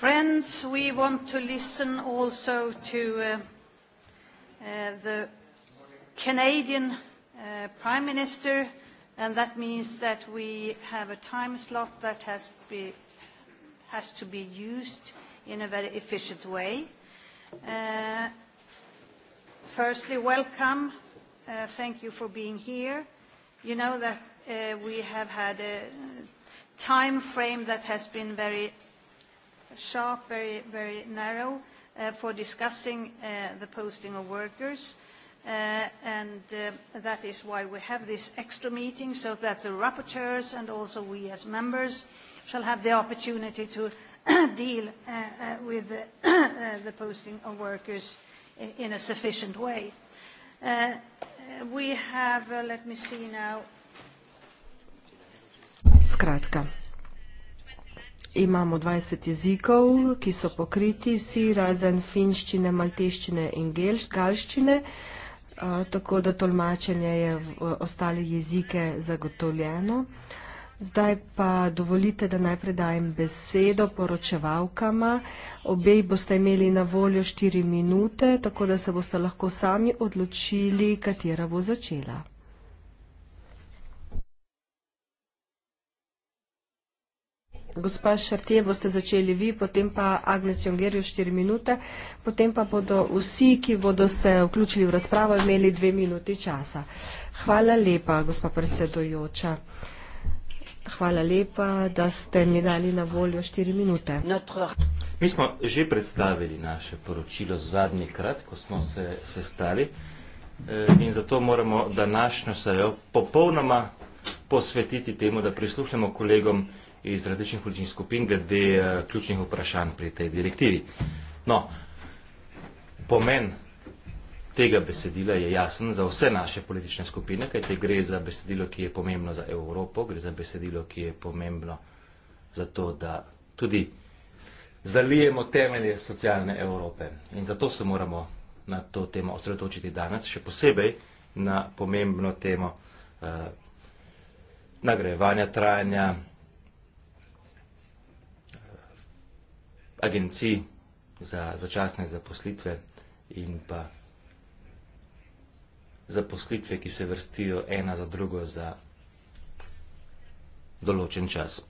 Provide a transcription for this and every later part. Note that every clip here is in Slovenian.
Friends, we want to listen also to uh, uh, the Canadian uh, Prime Minister, and that means that we have a time slot that has, be, has to be used in a very efficient way. Uh, firstly, welcome. Uh, thank you for being here. You know that uh, we have had a time frame that has been very sharp, very, very narrow, uh, for discussing uh, the posting of workers. Uh, and uh, that is why we have this extra meeting, so that the rapporteurs and also we as members shall have the opportunity to deal uh, uh, with the, uh, the posting of workers in, in a sufficient way. Uh, we have, uh, let me see now, Skratka, imamo 20 jezikov, ki so pokriti, vsi razen finščine, malteščine in galščine, tako da tolmačenje je v ostale jezike zagotovljeno. Zdaj pa dovolite, da najprej dajem besedo poročevalkama. Obej boste imeli na voljo 4 minute, tako da se boste lahko sami odločili, katera bo začela. Gospa Šartje, boste začeli vi, potem pa Agnes Jongerju štiri minute, potem pa bodo vsi, ki bodo se vključili v razpravo, imeli dve minuti časa. Hvala lepa, gospa predsedojoča. Hvala lepa, da ste mi dali na voljo štiri minute. Mi smo že predstavili naše poročilo zadnji krat, ko smo se sestali eh, in zato moramo današnjo sejo popolnoma posvetiti temu, da prisluhnemo kolegom, iz različnih političnih skupin glede uh, ključnih vprašanj pri tej direktivi. No, pomen tega besedila je jasen za vse naše politične skupine, kajte gre za besedilo, ki je pomembno za Evropo, gre za besedilo, ki je pomembno za to, da tudi zalijemo temelje socialne Evrope. In zato se moramo na to temo osredotočiti danes, še posebej na pomembno temo uh, nagrajevanja, trajanja, agencij za začasne zaposlitve in pa zaposlitve, ki se vrstijo ena za drugo za določen čas.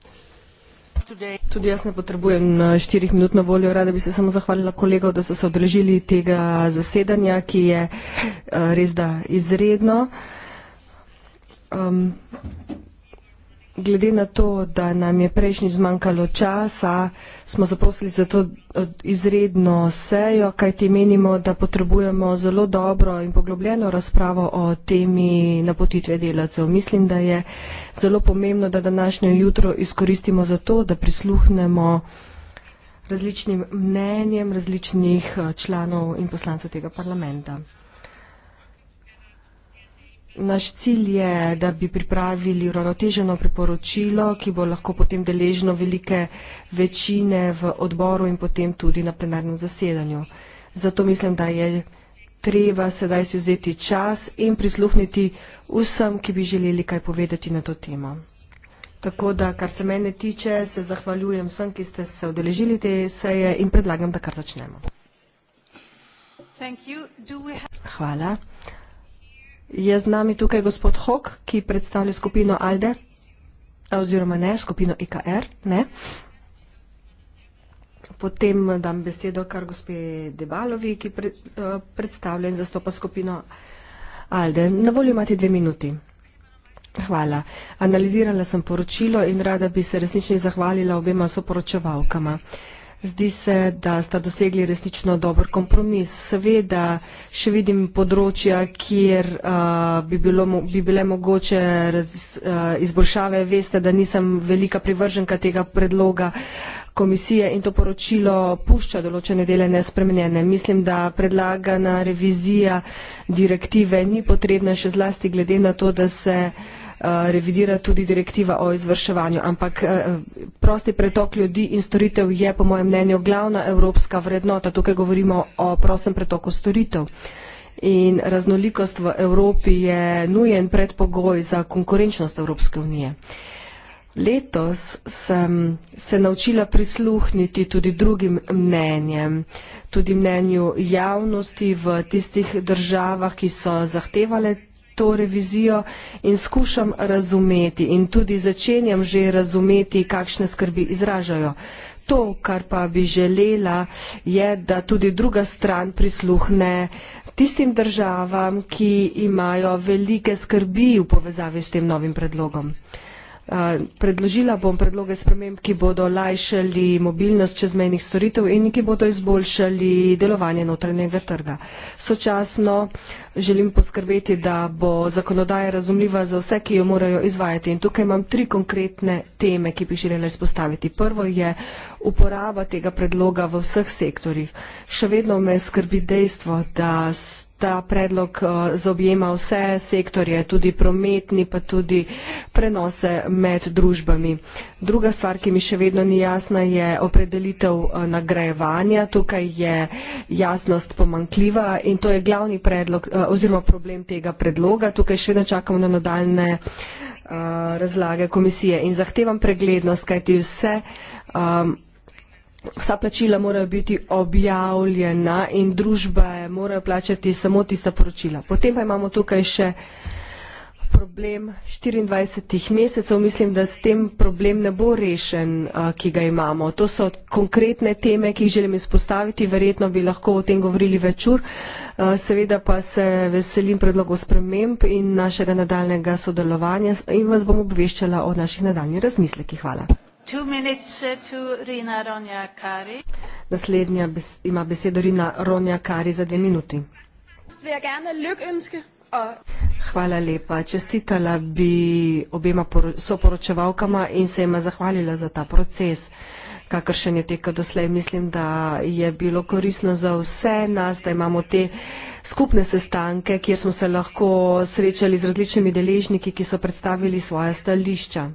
Tudi jaz ne potrebujem eh, štirih minut na voljo. Rada bi se samo zahvalila kolegov, da so se odrežili tega zasedanja, ki je eh, res da izredno. Um, glede na to, da nam je prejšnji zmanjkalo časa, smo zaposlili za to izredno sejo, kajti menimo, da potrebujemo zelo dobro in poglobljeno razpravo o temi napotitve delavcev. Mislim, da je zelo pomembno, da današnjo jutro izkoristimo za to, da prisluhnemo različnim mnenjem različnih eh, članov in poslancev tega parlamenta. Naš cilj je, da bi pripravili uravnoteženo priporočilo, ki bo lahko potem deležno velike večine v odboru in potem tudi na plenarnem zasedanju. Zato mislim, da je treba sedaj si vzeti čas in prisluhniti vsem, ki bi želeli kaj povedati na to temo. Tako da, kar se mene tiče, se zahvaljujem vsem, ki ste se odeležili te seje in predlagam, da kar začnemo. Hvala. Je z nami tukaj gospod Hok, ki predstavlja skupino ALDE, oziroma ne, skupino IKR, ne? Potem dam besedo kar gospe Debalovi, ki eh, predstavlja in zastopa skupino ALDE. Na voljo imate dve minuti. Hvala. Analizirala sem poročilo in rada bi se resnično zahvalila obema soporočevalkama. Uh, Zdi se, da sta dosegli resnično dober kompromis. Seveda še vidim področja, kjer uh, bi, bilo, bi bile mogoče raz, uh, izboljšave. Veste, da nisem velika privrženka tega predloga komisije in to poročilo pušča določene dele nespremenjene. Mislim, da predlagana revizija direktive ni potrebna še zlasti glede na to, da se Eh, revidira tudi direktiva o izvrševanju. Ampak eh, prosti pretok ljudi in storitev je, po mojem mnenju, glavna evropska vrednota. Tukaj govorimo o prostem pretoku storitev. In raznolikost v Evropi je nujen predpogoj za konkurenčnost Evropske unije. Letos sem se naučila prisluhniti tudi drugim mnenjem, tudi mnenju javnosti v tistih državah, ki so zahtevale to revizijo in skušam razumeti in tudi začenjam že razumeti, kakšne skrbi izražajo. To, kar pa bi želela, je, da tudi druga stran prisluhne tistim državam, ki imajo velike skrbi v povezavi s tem novim predlogom. Eh, predložila bom predloge sprememb, ki bodo lajšali mobilnost čezmejnih storitev in ki bodo izboljšali delovanje notranjega trga. Sočasno želim poskrbeti, da bo zakonodaja razumljiva za vse, ki jo morajo izvajati. In tukaj imam tri konkretne teme, ki bi želela izpostaviti. Prvo je uporaba tega predloga v vseh sektorjih. Še vedno me skrbi dejstvo, da ta predlog eh, zaobjema vse sektorje, tudi prometni, pa tudi prenose med družbami. Druga stvar, ki mi še vedno ni jasna, je opredelitev eh, nagrajevanja. Tukaj je jasnost pomankljiva in to je glavni predlog eh, oziroma problem tega predloga. Tukaj še vedno čakamo na nadaljne razlage komisije in zahtevam preglednost, kajti vse vsa plačila morajo biti objavljena in družbe morajo plačati samo tista poročila. Potem pa imamo tukaj še problem 24 mesecev. Mislim, da s tem problem ne bo rešen, ki ga imamo. To so konkretne teme, ki jih želim izpostaviti. Verjetno bi lahko o tem govorili večur. Seveda pa se veselim predlogov sprememb in našega nadaljnega sodelovanja in vas bom obveščala o naših nadaljnjih razmislekih. Hvala. Uh, Naslednja ima besedo Rina Ronja Kari za dve minuti. Hvala lepa. Čestitala bi obema soporočevalkama in se jima zahvalila za ta proces, kakršen je tekel doslej. Mislim, da je bilo koristno za vse nas, da imamo te skupne sestanke, kjer smo se lahko srečali z različnimi deležniki, ki so predstavili svoje stališča.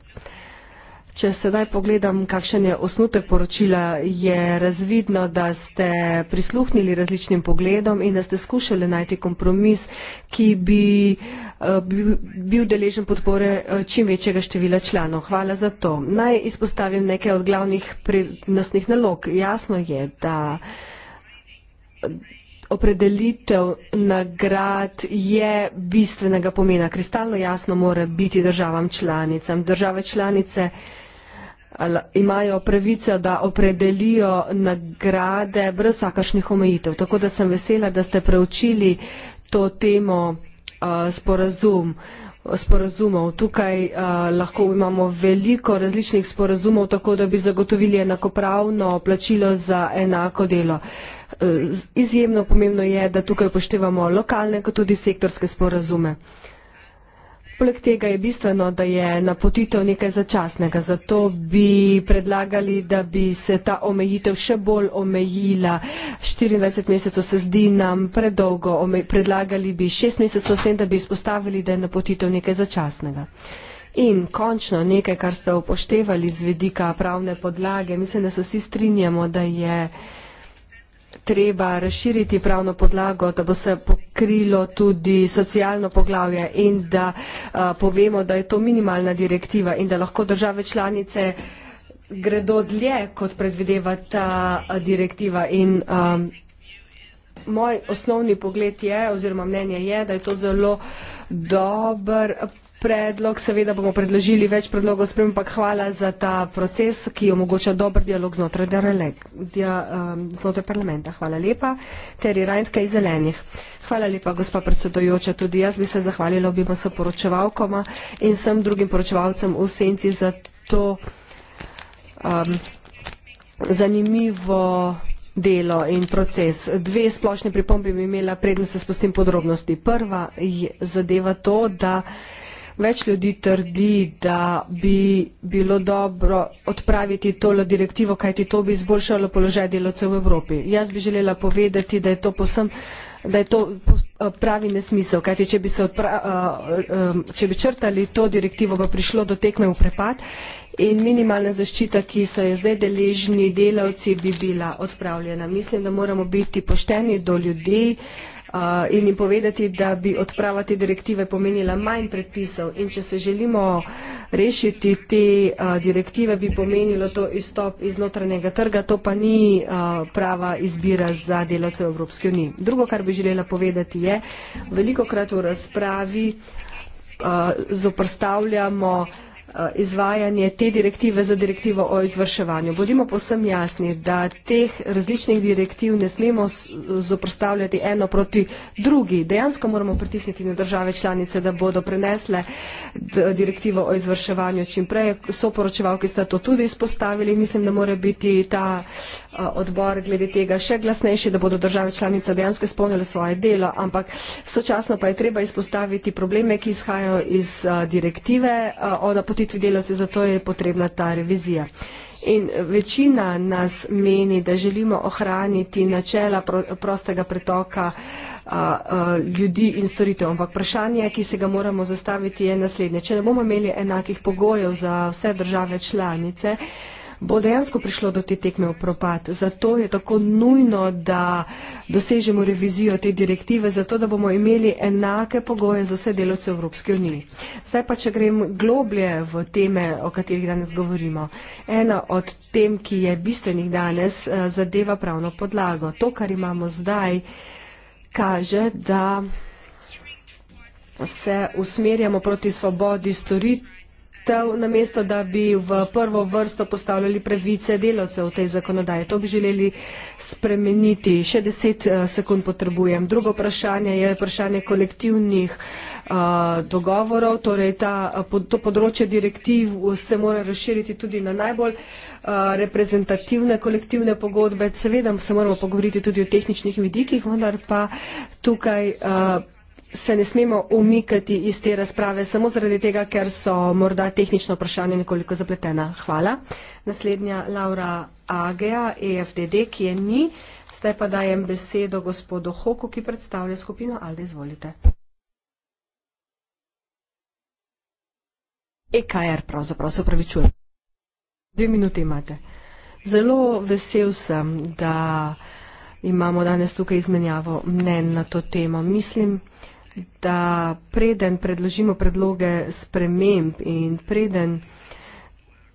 Če sedaj pogledam, kakšen je osnutek poročila, je razvidno, da ste prisluhnili različnim pogledom in da ste skušali najti kompromis, ki bi eh, bil deležen podpore eh, čim večjega števila članov. Hvala za to. Naj izpostavim nekaj od glavnih prednostnih nalog. Jasno je, da eh, opredelitev nagrad je bistvenega pomena. Kristalno jasno mora biti državam članicam. Države članice imajo pravico, da opredelijo nagrade brez vsakašnih omejitev. Tako da sem vesela, da ste preučili to temo uh, sporazum, sporazumov. Tukaj uh, lahko imamo veliko različnih sporazumov, tako da bi zagotovili enakopravno plačilo za enako delo. E, izjemno pomembno je, da tukaj poštevamo lokalne, kot tudi sektorske sporazume. Uh, Poleg tega je bistveno, da je napotitev nekaj začasnega, zato bi predlagali, da bi se ta omejitev še bolj omejila. 24 mesecev se zdi nam predolgo, predlagali bi 6 mesecev vsem, da bi izpostavili, da je napotitev nekaj začasnega. In končno nekaj, kar ste upoštevali z vedika pravne podlage, mislim, da se vsi strinjamo, da je treba razširiti pravno podlago, da bo se pokrilo tudi socialno poglavje in da a, povemo, da je to minimalna direktiva in da lahko države članice gredo dlje, kot predvideva ta direktiva. In, a, moj osnovni pogled je, oziroma mnenje je, da je to zelo dober predlog, seveda bomo predložili več predlogov sprem, pa hvala za ta proces, ki omogoča dober dialog znotraj, dialog, dia, um, znotraj parlamenta. Hvala lepa. Teri Rajnke iz Zelenih. Hvala lepa, gospa predsedojoča. Tudi jaz bi se zahvalila obima soporočevalkoma in vsem drugim poročevalcem v senci za to um, zanimivo delo in proces. Dve splošne pripombe bi imela, predno se spustim podrobnosti. Prva je zadeva to, da Več ljudi trdi, da bi bilo dobro odpraviti tole direktivo, kajti to bi izboljšalo položaj delovcev v Evropi. Jaz bi želela povedati, da je to posem da je to pravi nesmisel, kajti če bi, se odpra, če bi črtali to direktivo, bo prišlo do tekme v prepad in minimalna zaščita, ki so je zdaj deležni delavci, bi bila odpravljena. Mislim, da moramo biti pošteni do ljudi uh, in jim povedati, da bi odprava te direktive pomenila manj predpisov. In če se želimo rešiti te uh, direktive, bi pomenilo to izstop iz notranjega trga, to pa ni uh, prava izbira za delavce v Evropski uniji. Drugo, kar bi želela povedati, je, veliko krat v razpravi uh, zoprstavljamo uh, Eh, izvajanje te direktive za direktivo o izvrševanju. Bodimo posem jasni, da teh različnih direktiv ne smemo zoprostavljati eno proti drugi. Dejansko moramo pritisniti na države članice, da bodo prenesle direktivo o izvrševanju čimprej. Soporočevalki sta to tudi izpostavili. Mislim, da mora biti ta uh, odbor glede tega še glasnejši, da bodo države članice dejansko izpolnile svoje delo, ampak sočasno pa je treba izpostaviti probleme, ki izhajajo iz direktive o napotitvi delavcev, zato je potrebna ta revizija. In večina nas meni, da želimo ohraniti načela prostega pretoka a, a, ljudi in storitev. Ampak vprašanje, ki se ga moramo zastaviti, je naslednje. Če ne bomo imeli enakih pogojev za vse države članice, bo dejansko prišlo do te tekme v propad. Zato je tako nujno, da dosežemo revizijo te direktive, zato da bomo imeli enake pogoje za vse delovce v Evropski uniji. Zdaj pa, če grem globlje v teme, o katerih danes govorimo. Ena od tem, ki je bistvenih danes, eh, zadeva pravno podlago. To, kar imamo zdaj, kaže, da se usmerjamo proti svobodi storitev rešitev, namesto da bi v prvo vrsto postavljali pravice delavcev v tej zakonodaji. To bi želeli spremeniti. Še deset eh, sekund potrebujem. Drugo vprašanje je vprašanje kolektivnih eh, dogovorov, torej ta, eh, to področje direktiv se mora razširiti tudi na najbolj reprezentativne kolektivne pogodbe. Seveda se moramo pogovoriti tudi o tehničnih vidikih, vendar pa tukaj se ne smemo omikati iz te razprave, samo zaradi tega, ker so morda tehnično vprašanje nekoliko zapletena. Hvala. Naslednja Laura Agea, EFDD, ki je ni. Zdaj pa dajem besedo gospodu Hoku, ki predstavlja skupino. Alde, izvolite. EKR pravzaprav se upravičuje. Dve minute imate. Zelo vesel sem, da imamo danes tukaj izmenjavo mnen na to temo. Mislim, da preden predložimo predloge sprememb in preden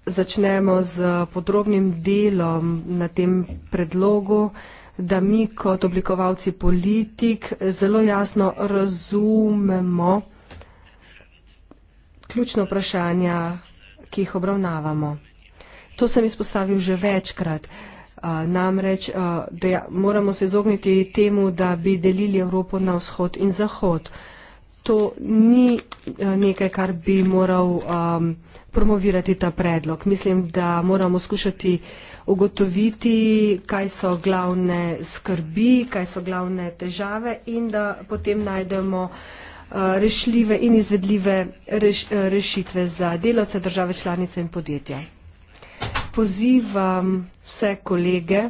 začnemo z podrobnim delom na tem predlogu, da mi kot oblikovalci politik zelo jasno razumemo ključno vprašanja, ki jih obravnavamo. To sem izpostavil že večkrat. Uh, Namreč deja, moramo se izogniti temu, da bi delili Evropo na vzhod in zahod. To ni nekaj, kar bi moral um, promovirati ta predlog. Mislim, da moramo skušati ugotoviti, kaj so glavne skrbi, kaj so glavne težave in da potem najdemo rešljive in izvedljive reš, rešitve za delavce, države, članice in podjetja pozivam vse kolege,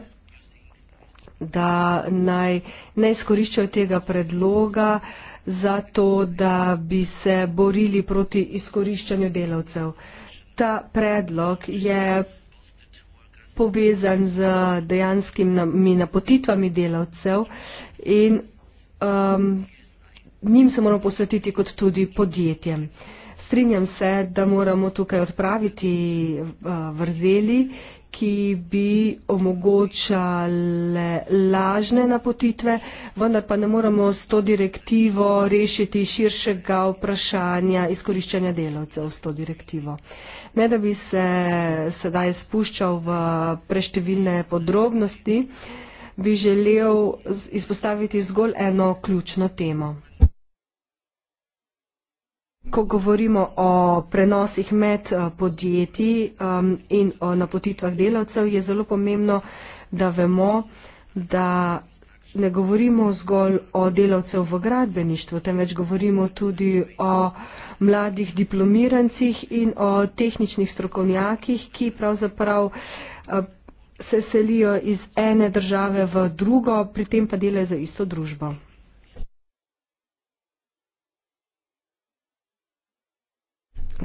da naj ne izkoriščajo tega predloga za to, da bi se borili proti izkoriščanju delavcev. Ta predlog je povezan z dejanskimi napotitvami delavcev in um, njim se moramo posvetiti kot tudi podjetjem. Uh, strinjam se, da moramo tukaj odpraviti eh, vrzeli, ki bi omogočale lažne napotitve, vendar pa ne moramo s to direktivo rešiti širšega vprašanja izkoriščanja delavcev s to direktivo. Ne da bi se sedaj spuščal v preštevilne podrobnosti, bi želel izpostaviti zgolj eno ključno temo ko govorimo o prenosih med eh, podjetji um, in o napotitvah delavcev, je zelo pomembno, da vemo, da ne govorimo zgolj o delavcev v gradbeništvu, temveč govorimo tudi o mladih diplomirancih in o tehničnih strokovnjakih, ki pravzaprav eh, se selijo iz ene države v drugo, pri tem pa delajo za isto družbo.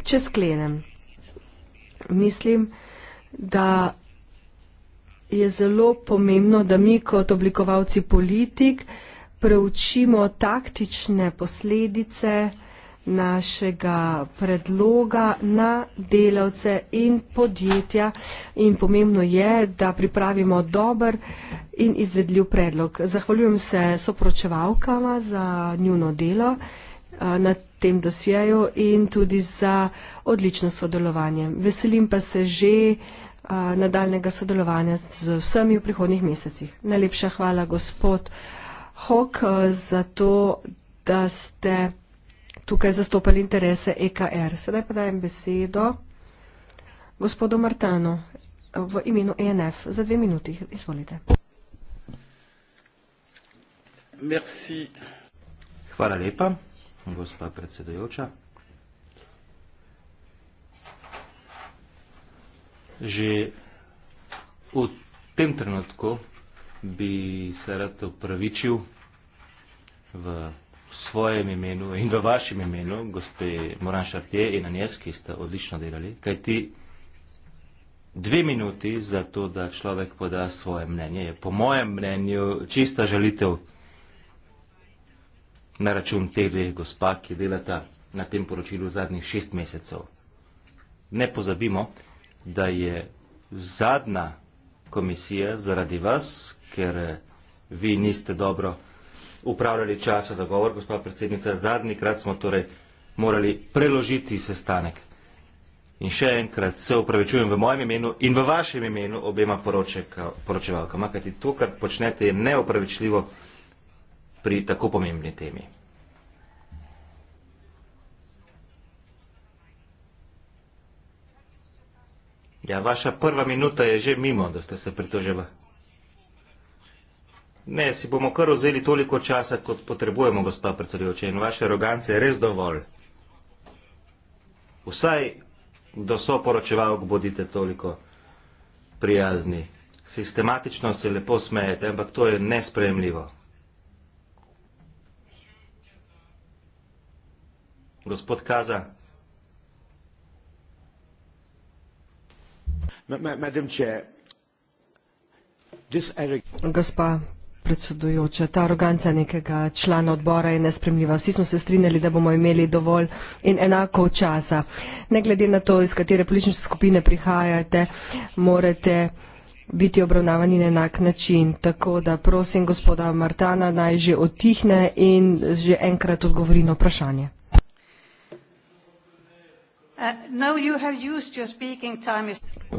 Če sklenem, mislim, da je zelo pomembno, da mi kot oblikovalci politik preučimo taktične posledice našega predloga na delavce in podjetja in pomembno je, da pripravimo dober in izvedljiv predlog. Zahvaljujem se sopročevalkama za njuno delo na tem dosjeju in tudi za odlično sodelovanje. Veselim pa se že nadaljnega sodelovanja z vsemi v prihodnih mesecih. Najlepša hvala, gospod Hok, za to, da ste tukaj zastopali interese EKR. Sedaj pa dajem besedo gospodu Martanu v imenu ENF. Za dve minuti, izvolite. Merci. Hvala lepa gospa predsedojoča. Že v tem trenutku bi se rad upravičil v svojem imenu in v vašem imenu, gospe Moran Šartje in Anjes, ki ste odlično delali, kaj ti dve minuti za to, da človek poda svoje mnenje, je po mojem mnenju čista žalitev na račun te dveh gospa, ki delata na tem poročilu zadnjih šest mesecev. Ne pozabimo, da je zadnja komisija zaradi vas, ker eh, vi niste dobro upravljali časa za govor, gospa predsednica, zadnji krat smo torej morali preložiti sestanek. In še enkrat se upravičujem v mojem imenu in v vašem imenu obema poročevalkama, kajti to, kar počnete, je neopravičljivo pri tako pomembni temi. Ja, vaša prva minuta je že mimo, da ste se pritožili. Ne, si bomo kar vzeli toliko časa, kot potrebujemo, gospod predsedujoči, in vaše arogance je res dovolj. Vsaj do soporočevalk bodite toliko prijazni. Sistematično se lepo smejete, ampak to je nespremljivo. Gospod Kaza. Gospa predsedujoča, ta aroganca nekega člana odbora je nespremljiva. Vsi smo se strinjali, da bomo imeli dovolj in enako časa. Ne glede na to, iz katere politične skupine prihajate, morate biti obravnavani na enak način. Tako da prosim gospoda Martana naj že otihne in že enkrat odgovori na vprašanje. Uh, no,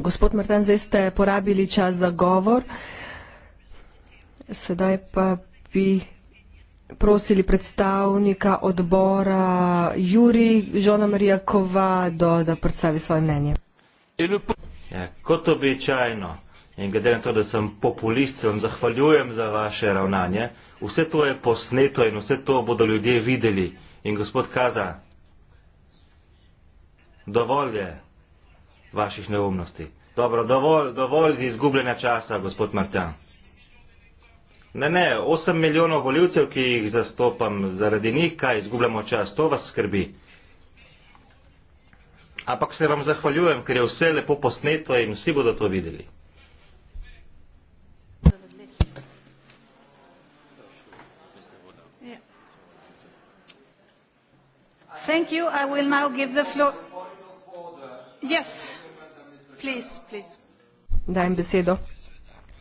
gospod Martin, zdaj ste porabili čas za govor. Sedaj pa bi prosili predstavnika odbora Juri Žona Marija Kova, do, da predstavi svoje mnenje. Ja, kot običajno in glede na to, da sem populist, se vam zahvaljujem za vaše ravnanje. Vse to je posneto in vse to bodo ljudje videli. In gospod Kaza, dovolj je vaših neumnosti. Dobro, dovolj, dovolj izgubljena časa, gospod Martin. Ne, ne, 8 milijonov voljivcev, ki jih zastopam, zaradi njih kaj izgubljamo čas, to vas skrbi. Ampak se vam zahvaljujem, ker je vse lepo posneto in vsi bodo to videli. Thank you. I will now give the floor. Dajem besedo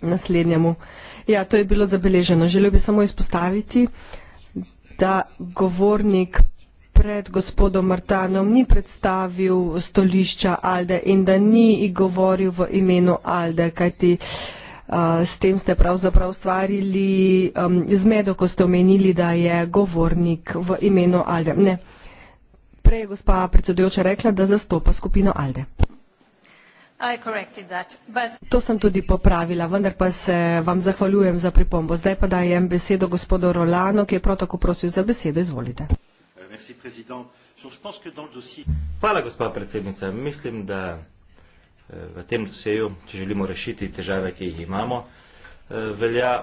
naslednjemu. Ja, to je bilo zabeleženo. Želel bi samo izpostaviti, da govornik pred gospodom Martanom ni predstavil stolišča Alde in da ni govoril v imenu Alde, kajti uh, s tem ste pravzaprav ustvarili um, zmedo, ko ste omenili, da je govornik v imenu Alde. Ne prej je gospa predsedujoča rekla, da zastopa skupino ALDE. To sem tudi popravila, vendar pa se vam zahvaljujem za pripombo. Zdaj pa dajem besedo gospodu Rolano, ki je prav tako prosil za besedo. Izvolite. Eh, Hvala, gospa predsednica. Mislim, da eh, v tem doseju, če želimo rešiti težave, ki jih imamo, eh, velja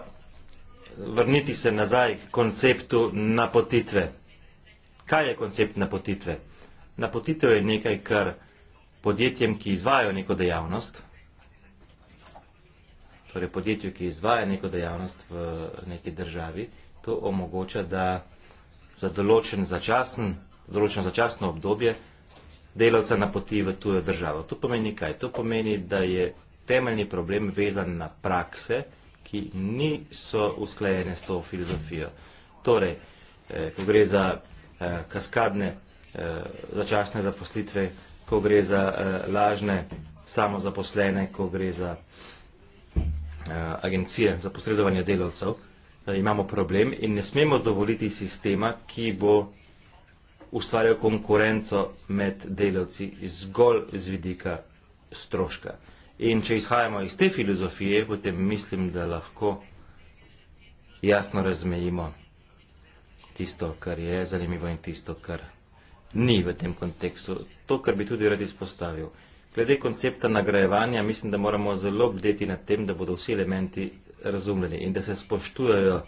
vrniti se nazaj k konceptu napotitve. Kaj je koncept napotitve? Napotitev je nekaj, kar podjetjem, ki izvajo neko dejavnost, torej podjetju, ki izvaja neko dejavnost v neki državi, to omogoča, da za določen začasen, določen začasno obdobje delavca napoti v tujo državo. To pomeni kaj? To pomeni, da je temeljni problem vezan na prakse, ki niso usklajene s to filozofijo. Torej, eh, ko gre za eh, kaskadne eh, začasne zaposlitve, ko gre za eh, lažne samozaposlene, ko gre za eh, agencije za posredovanje delavcev, eh, imamo problem in ne smemo dovoliti sistema, ki bo ustvarjal konkurenco med delavci zgolj z vidika stroška. In če izhajamo iz te filozofije, potem mislim, da lahko jasno razmejimo tisto, kar je zanimivo in tisto, kar ni v tem kontekstu. To, kar bi tudi rad izpostavil. Glede koncepta nagrajevanja, mislim, da moramo zelo bdeti nad tem, da bodo vsi elementi razumljeni in da se spoštujejo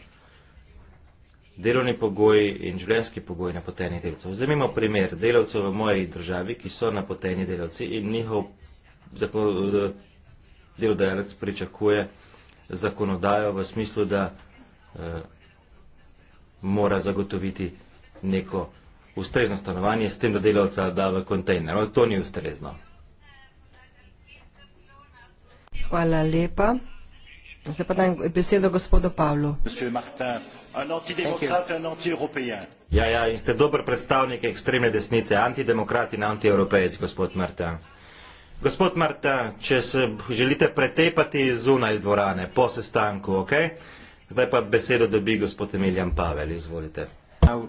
delovni pogoji in življenjski pogoji napotenih delcev. Vzemimo primer delavcev v moji državi, ki so napoteni delavci in njihov eh, delodajalec pričakuje zakonodajo v smislu, da eh, mora zagotoviti neko ustrezno stanovanje s tem, da delavca da v kontejner. To ni ustrezno. Hvala lepa. Zdaj pa dam besedo gospodu Pavlu. Ja, ja, in ste dober predstavnik ekstremne desnice, antidemokrat in antievropejec, gospod Marta. Gospod Marta, če se želite pretepati zunaj dvorane po sestanku, okej? Okay? Zdaj pa besedo dobi gospod Emiljan Pavel, izvolite. Uh,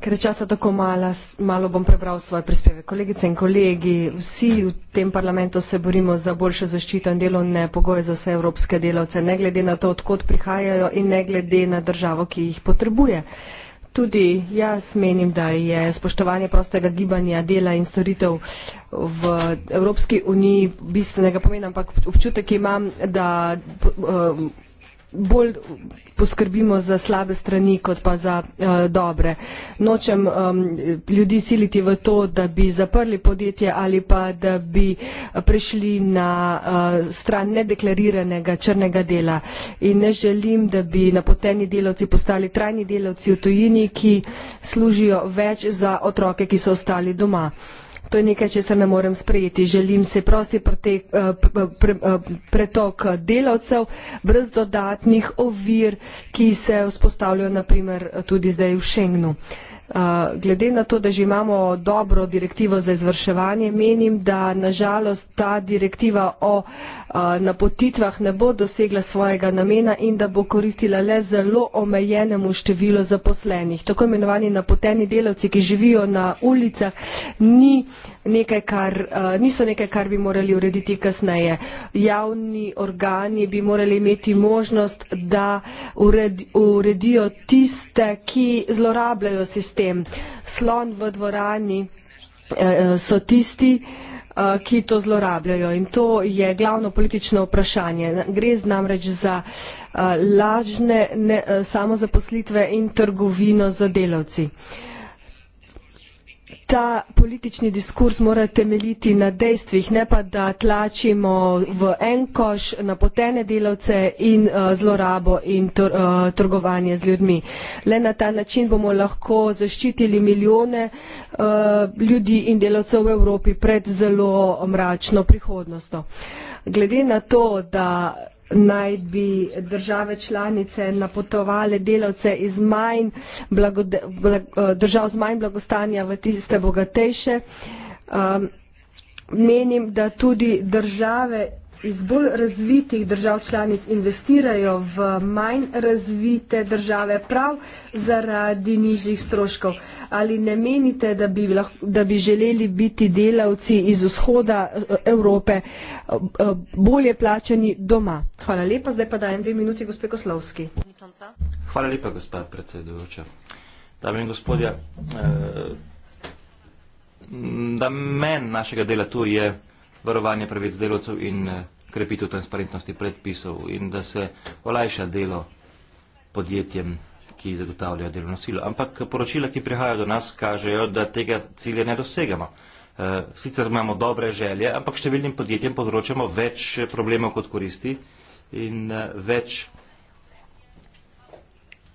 Ker je časa tako malo, malo bom prebral svoje prispeve. Kolegice in kolegi, vsi v tem parlamentu se borimo za boljšo zaščito in delovne pogoje za vse evropske delavce, ne glede na to, odkot prihajajo in ne glede na državo, ki jih potrebuje. Uh, Tudi jaz menim, da je spoštovanje prostega gibanja dela in storitev v Evropski uniji bistvenega pomena, ampak občutek imam, da eh, bolj poskrbimo za slabe strani, kot pa za uh, dobre. Nočem um, ljudi siliti v to, da bi zaprli podjetje ali pa da bi prišli na uh, stran nedeklariranega črnega dela. In ne želim, da bi napoteni delavci postali trajni delavci v tujini, ki služijo več za otroke, ki so ostali doma. Uh, To je nekaj, če se ne morem sprejeti. Želim se prosti pretek, eh, pre, eh, pretok eh, delavcev brez dodatnih ovir, ki se vzpostavljajo naprimer tudi zdaj v Schengnu. Eh, glede na to, da že imamo dobro direktivo za izvrševanje, menim, da nažalost ta direktiva o eh, napotitvah ne bo dosegla svojega namena in da bo koristila le zelo omejenemu številu zaposlenih. Tako imenovani napoteni delavci, ki živijo na ulicah, ni nekaj, kar, eh, niso nekaj, kar bi morali urediti kasneje. Javni organi bi morali imeti možnost, da uredijo tiste, ki zlorabljajo sistem sistem. Slon v dvorani eh, eh, so tisti, eh, ki to zlorabljajo in to je glavno politično vprašanje. Gre namreč za lažne ne, samozaposlitve in trgovino za delavci. Uh, ta politični diskurs mora temeljiti na dejstvih, ne pa da tlačimo v en koš napotene delavce in uh, zlorabo in tr, uh, eh, trgovanje z ljudmi. Le na ta način bomo lahko zaščitili milijone uh, ljudi in delavcev v Evropi pred zelo mračno prihodnostjo. Glede na to, da naj bi države članice napotovale delavce iz manj eh, držav z manj blagostanja v tiste bogatejše. Um, menim, da tudi države iz bolj razvitih držav članic investirajo v manj razvite države prav zaradi nižjih stroškov. Ali ne menite, da bi, lahko, da bi želeli biti delavci iz vzhoda eh, Evrope eh, eh, bolje plačeni doma? Hvala lepa, zdaj pa dajem dve minuti gospe Koslovski. Hvala lepa, gospa predsedujoča. Dame in gospodje, da men našega dela tu je varovanje pravic delovcev in eh, krepitev transparentnosti predpisov in da se olajša delo podjetjem, ki zagotavljajo delovno silo. Ampak poročila, ki prihajajo do nas, kažejo, da tega cilja ne dosegamo. Eh, sicer imamo dobre želje, ampak številnim podjetjem povzročamo več problemov kot koristi in eh, več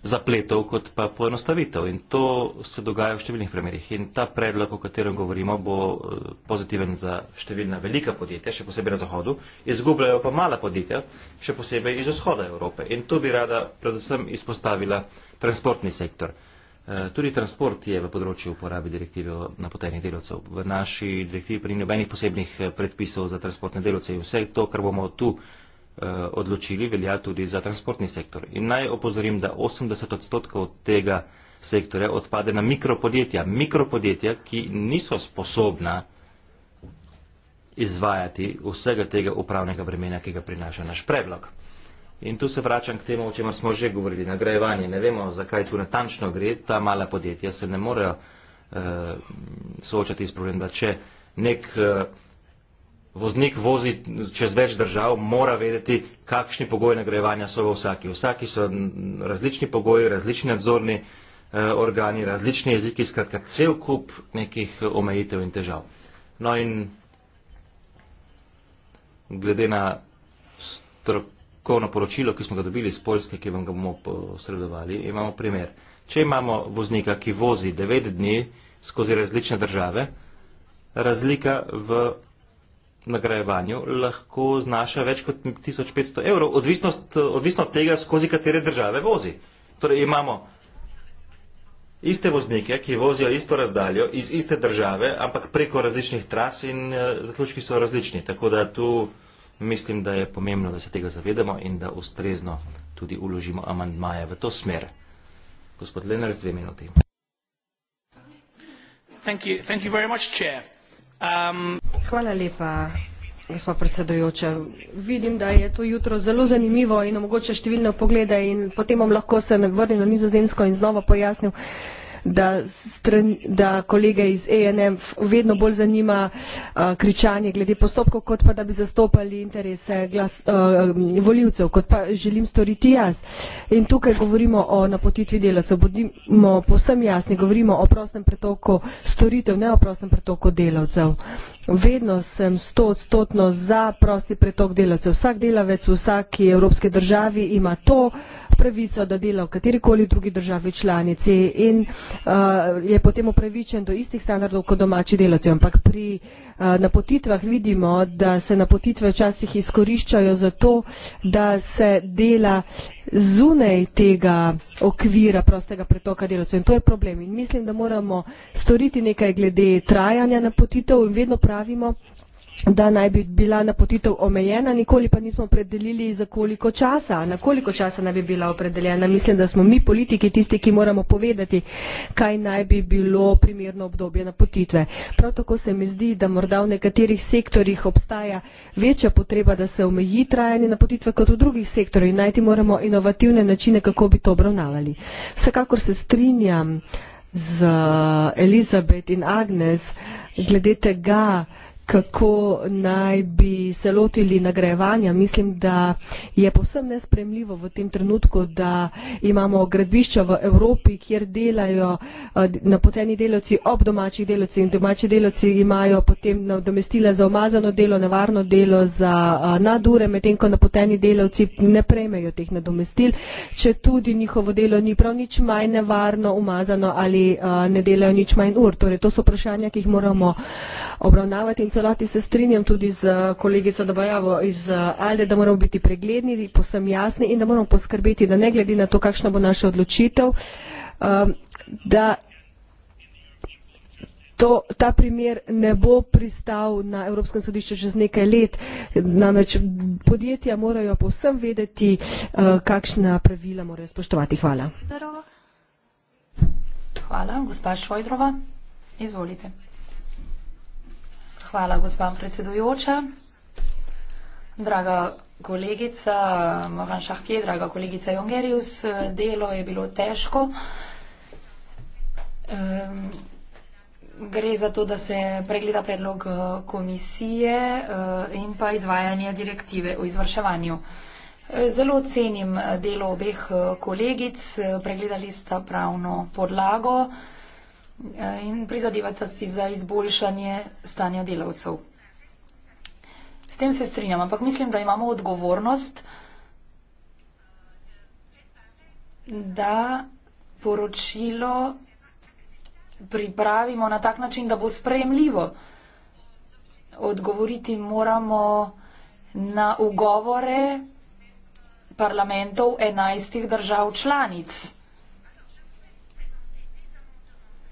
zapletov kot pa poenostavitev. In to se dogaja v številnih primerjih. In ta predlog, o katerem govorimo, bo eh, pozitiven za številna velika podjetja, še posebej na Zahodu, izgubljajo pa mala podjetja, še posebej iz vzhoda Evrope. In tu bi rada predvsem izpostavila transportni sektor. Eh, tudi transport je v področju uporabe direktive o napotenih delovcev. V naši direktivi pri nobenih posebnih eh, predpisov za transportne delovce in vse to, kar bomo tu Eh, odločili, velja tudi za transportni sektor. In naj opozorim, da 80 odstotkov tega sektorja odpade na mikropodjetja. Mikropodjetja, ki niso sposobna izvajati vsega tega upravnega vremena, ki ga prinaša naš predlog. In tu se vračam k temu, o čemer smo že govorili, nagrajevanje. Ne vemo, zakaj tu natančno gre, ta mala podjetja se ne morejo uh, soočati s problemom, da če nek uh, voznik vozi čez več držav, mora vedeti, kakšni pogoji nagrajevanja so v vsaki. Vsaki so različni pogoji, različni nadzorni eh, organi, različni jeziki, skratka cel kup nekih omejitev in težav. No in glede na strokovno poročilo, ki smo ga dobili iz Poljske, ki vam ga bomo posredovali, imamo primer. Če imamo voznika, ki vozi devet dni skozi različne države, razlika v nagrajevanju lahko znaša več kot 1500 evrov, odvisno od tega, skozi katere države vozi. Torej imamo iste voznike, ki vozijo isto razdaljo iz iste države, ampak preko različnih tras in eh, zaključki so različni. Tako da tu mislim, da je pomembno, da se tega zavedamo in da ustrezno tudi uložimo amandmaje v to smer. Gospod Lenar, dve minuti. Thank you. Thank you very much, Chair. Um... Hvala lepa, gospod predsedujoče. Vidim, da je to jutro zelo zanimivo in omogoča številne poglede in potem vam lahko se vrnil na nizozemsko in znova pojasnil. Uh, da, stran, da kolege iz ENM vedno bolj zanima uh, kričanje glede postopkov, kot pa da bi zastopali interese glas, uh, voljivcev, kot pa želim storiti jaz. In tukaj govorimo o napotitvi delavcev, bodimo povsem jasni, govorimo o prostem pretoku storitev, ne o prostem pretoku delavcev. Vedno sem stotno za prosti pretok delavcev. Vsak delavec v vsaki evropske državi ima to. Uh, pravico, da dela v katerikoli drugi državi članici in uh, je potem upravičen do istih standardov kot domači delavci. Ampak pri uh, napotitvah vidimo, da se napotitve včasih izkoriščajo za to, da se dela zunaj tega okvira prostega pretoka delavcev. In to je problem. In mislim, da moramo storiti nekaj glede trajanja napotitev in vedno pravimo, da naj bi bila napotitev omejena, nikoli pa nismo predelili za koliko časa, na koliko časa naj bi bila opredeljena. Mislim, da smo mi politiki tisti, ki moramo povedati, kaj naj bi bilo primerno obdobje napotitve. Prav tako se mi zdi, da morda v nekaterih sektorjih obstaja večja potreba, da se omeji trajanje napotitve kot v drugih sektorjih. Najti moramo inovativne načine, kako bi to obravnavali. Vsekakor se strinjam z Elizabet in Agnes glede tega, kako naj bi se lotili nagrajevanja. Mislim, da je posem nespremljivo v tem trenutku, da imamo gradbišča v Evropi, kjer delajo eh, napoteni delavci ob domačih delavci in domači delavci imajo potem domestila za omazano delo, nevarno delo, za eh, nadure, medtem ko napoteni delavci ne prejmejo teh nadomestil, če tudi njihovo delo ni prav nič manj nevarno, omazano ali eh, ne delajo nič manj ur. Torej, to so vprašanja, ki jih moramo obravnavati in se celoti se strinjam tudi z kolegico Dabajavo iz eh, Alde, da moramo biti pregledni, posem jasni in da moramo poskrbeti, da ne glede na to, kakšna bo naša odločitev, eh, da to, ta primer ne bo pristal na Evropskem sodišču že z nekaj let. Namreč podjetja morajo povsem vedeti, eh, kakšna pravila morajo spoštovati. Hvala. Hvala. Gospa Švojdrova, izvolite. Hvala, gospa predsedujoča. Draga kolegica Moran Šahtje, draga kolegica Jongerius, delo je bilo težko. Um, gre za to, da se pregleda predlog eh, komisije uh, in pa izvajanje direktive o izvrševanju. Eh, zelo cenim delo obeh kolegic, pregledali sta pravno podlago. Uh, Eh, in prizadevata si za izboljšanje stanja delavcev. S tem se strinjam, ampak mislim, da imamo odgovornost, da poročilo pripravimo na tak način, da bo sprejemljivo. Odgovoriti moramo na ugovore parlamentov enajstih držav članic.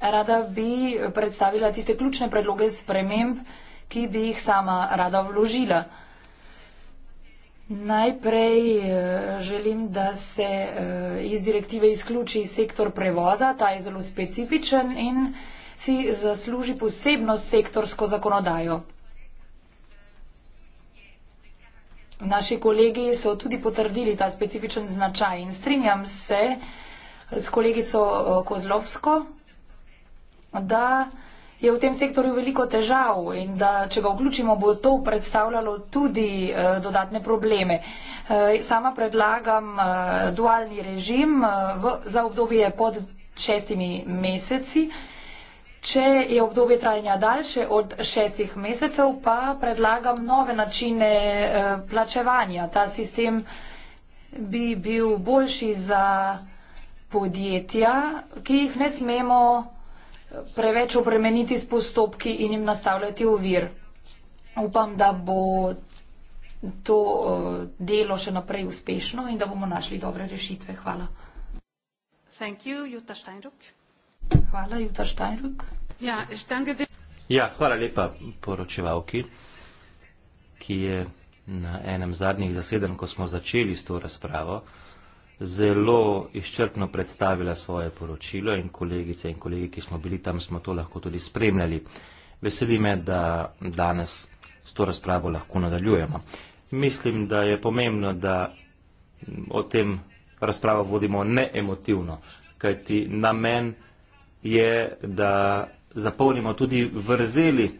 Rada bi predstavila tiste ključne predloge sprememb, ki bi jih sama rada vložila. Najprej eh, želim, da se eh, iz direktive izključi sektor prevoza, ta je zelo specifičen in si zasluži posebno sektorsko zakonodajo. Naši kolegi so tudi potrdili ta specifičen značaj in strinjam se s kolegico eh, Kozlovsko, da je v tem sektorju veliko težav in da, če ga vključimo, bo to predstavljalo tudi eh, dodatne probleme. Eh, sama predlagam eh, dualni režim za obdobje pod šestimi meseci. Če je obdobje trajanja daljše od šestih mesecev, pa predlagam nove načine plačevanja. Ta sistem bi bil boljši za podjetja, ki jih ne smemo preveč obremeniti s postopki in jim nastavljati ovir. Upam, da bo to eh, delo še naprej uspešno in da bomo našli dobre rešitve. Hvala. Hvala, Juta Štajnruk. Ja, ja, hvala lepa poročevalki, ki je na enem zadnjih zasedanj, ko smo začeli s to razpravo, zelo izčrpno predstavila svoje poročilo in kolegice in kolegi, ki smo bili tam, smo to lahko tudi spremljali. Veseli me, da danes s to razpravo lahko nadaljujemo. Mislim, da je pomembno, da o tem razpravo vodimo neemotivno, kajti namen je, da zapolnimo tudi vrzeli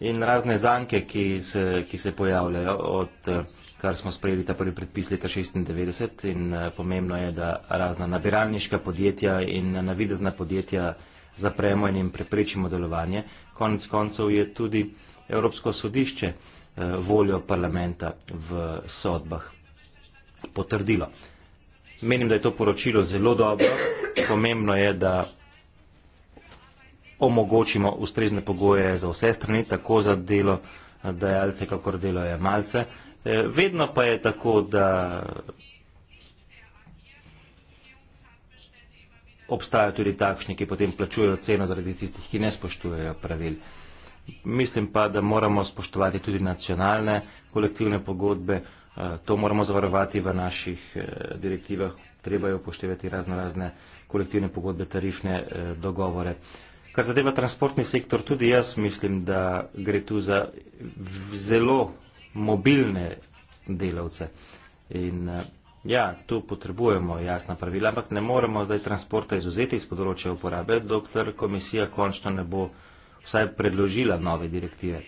in razne zanke, ki se, ki se pojavljajo, od eh, kar smo sprejeli ta prvi predpis leta 96 in eh, pomembno je, da razna nabiralniška podjetja in navidezna podjetja zapremo in jim preprečimo delovanje. Konec koncev je tudi Evropsko sodišče eh, voljo parlamenta v sodbah potrdilo. Menim, da je to poročilo zelo dobro. Pomembno je, da omogočimo ustrezne pogoje za vse strani, tako za delo eh, dajalce, kakor delo je malce. Eh, vedno pa je tako, da obstajajo tudi takšni, ki potem plačujejo ceno zaradi tistih, ki ne spoštujejo pravil. Mislim pa, da moramo spoštovati tudi nacionalne kolektivne pogodbe, eh, to moramo zavarovati v naših direktivah, treba je upoštevati razno razne kolektivne pogodbe, tarifne dogovore. Kar zadeva transportni sektor, tudi jaz mislim, da gre tu za zelo mobilne delavce. In eh, ja, tu potrebujemo jasna pravila, ampak ne moremo zdaj transporta izuzeti iz področja uporabe, dokler komisija končno ne bo vsaj predložila nove direktive.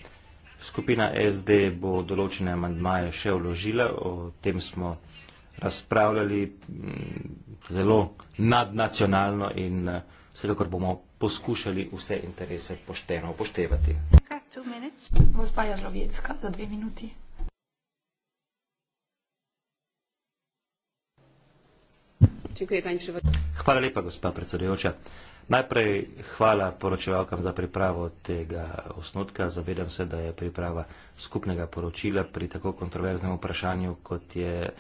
Skupina SD bo določene amandmaje še vložila, o tem smo razpravljali mm, zelo nadnacionalno in eh, vsekakor bomo poskušali vse interese pošteno upoštevati. Hvala lepa, gospa predsedujoča. Najprej hvala poročevalkam za pripravo tega osnutka. Zavedam se, da je priprava skupnega poročila pri tako kontroverznem vprašanju, kot je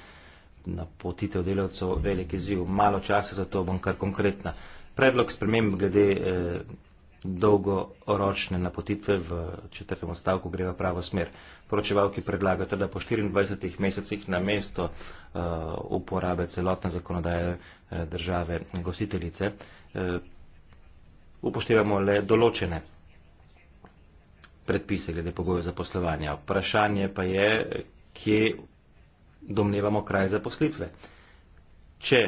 napotitev delavcev, velik izziv. Malo časa, zato bom kar konkretna predlog sprememb glede eh, dolgoročne napotitve v četrtem odstavku gre v pravo smer. Poročevalki predlagajo, da po 24 mesecih na mesto eh, uporabe celotne zakonodaje eh, države gostiteljice eh, upoštevamo le določene predpise glede pogojev zaposlovanja. Vprašanje pa je, kje domnevamo kraj zaposlitve. Če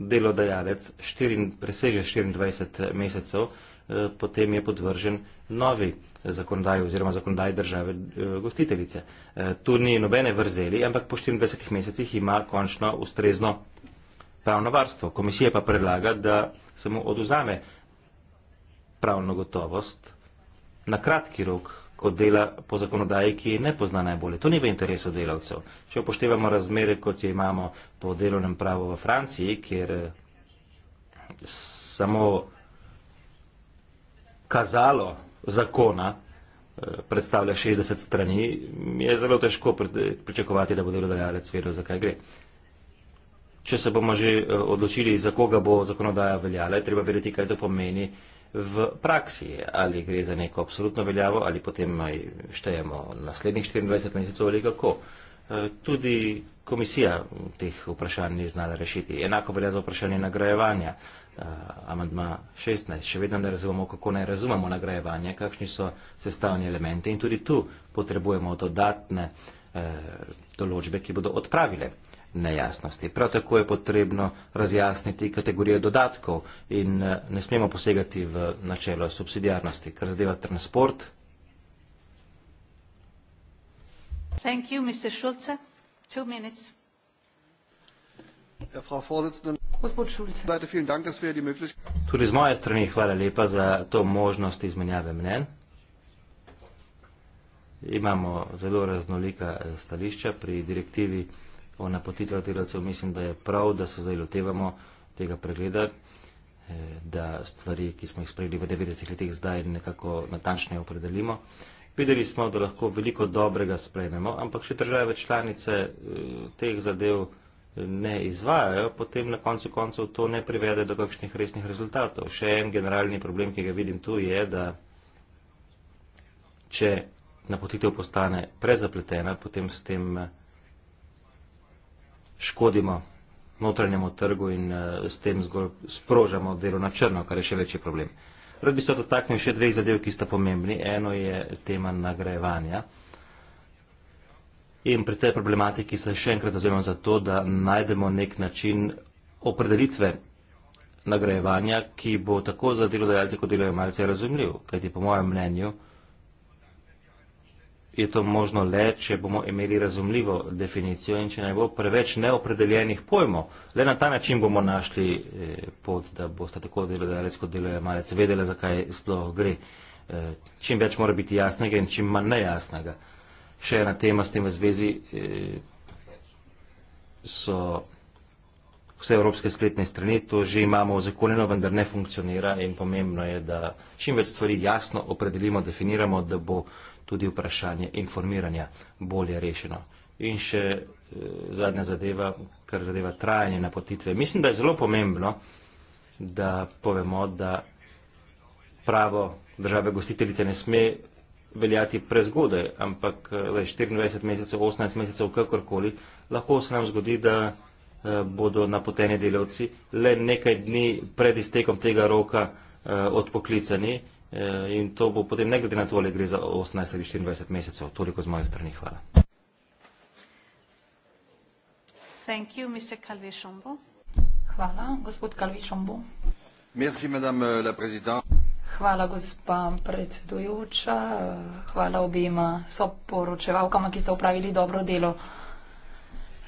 delodajalec štirin, preseže 24 mesecev, eh, potem je podvržen novi zakonodaji oziroma zakonodaji države eh, gostiteljice. Eh, tu ni nobene vrzeli, ampak po 24 mesecih ima končno ustrezno pravno varstvo. Komisija pa predlaga, da se mu oduzame pravno gotovost na kratki rok kot dela po zakonodaji, ki je ne pozna najbolje. To ni v interesu delavcev. Če upoštevamo razmere, kot jo imamo po delovnem pravu v Franciji, kjer eh, samo kazalo zakona eh, predstavlja 60 strani, je zelo težko pričakovati, da bo delodajalec vedel, zakaj gre. Če se bomo že eh, odločili, za koga bo zakonodaja veljala, je treba vedeti, kaj to pomeni v praksi, ali gre za neko absolutno veljavo, ali potem štejemo naslednjih 24 mesecev ali kako. Eh, tudi komisija teh vprašanj ni znala rešiti. Enako velja za vprašanje nagrajevanja. Eh, amandma 16. Še vedno ne razumemo, kako naj razumemo nagrajevanje, kakšni so sestavni elementi in tudi tu potrebujemo dodatne eh, določbe, ki bodo odpravile nejasnosti. Prav tako je potrebno razjasniti kategorije dodatkov in eh, ne smemo posegati v načelo subsidijarnosti, kar zadeva transport. Ja, Tudi z moje strani hvala lepa za to možnost izmenjave mnen. Imamo zelo raznolika eh, stališča pri direktivi o napotitvah delavcev, mislim, da je prav, da se zdaj lotevamo tega pregleda, eh, da stvari, ki smo jih sprejeli v 90 letih, zdaj nekako natančno opredelimo. Videli smo, da lahko veliko dobrega sprejmemo, ampak še države članice eh, teh zadev eh, ne izvajajo, potem na koncu koncev to ne privede do kakšnih resnih rezultatov. Še en generalni problem, ki ga vidim tu, je, da če napotitev postane prezapletena, potem s tem škodimo notranjemu trgu in eh, s tem zgolj sprožamo delo na črno, kar je še večji problem. Rad bi se dotaknil še dveh zadev, ki sta pomembni. Eno je tema nagrajevanja. In pri tej problematiki se še enkrat ozemem za to, da najdemo nek način opredelitve nagrajevanja, ki bo tako za delodajalce, kot delajo malce razumljiv. Kajti po mojem mnenju, je to možno le, če bomo imeli razumljivo definicijo in če ne bo preveč neopredeljenih pojmov. Le na ta način bomo našli eh, pot, da boste tako delodajalec kot delojemalec vedeli, zakaj sploh gre. Eh, čim več mora biti jasnega in čim manj nejasnega. Še ena tema s tem v zvezi eh, so vse evropske spletne strani, to že imamo ozakonjeno, vendar ne funkcionira in pomembno je, da čim več stvari jasno opredelimo, definiramo, da bo tudi vprašanje informiranja bolje rešeno. In še e, zadnja zadeva, kar zadeva trajanje napotitve. Mislim, da je zelo pomembno, da povemo, da pravo države gostiteljice ne sme veljati prezgodaj, ampak eh, le, 24 mesecev, 18 mesecev, kakorkoli, lahko se nam zgodi, da e, bodo napoteni delavci le nekaj dni pred iztekom tega roka e, odpoklicani Eh, in to bo potem ne glede na to, ali gre za 18 ali 24 mesecev. Toliko z moje strani. Hvala. Thank you, Mr. Hvala, gospod Kalvišombo. Merci, madame la présidente. Hvala, gospa predsedujoča. Hvala obima soporočevalkama, ki ste upravili dobro delo.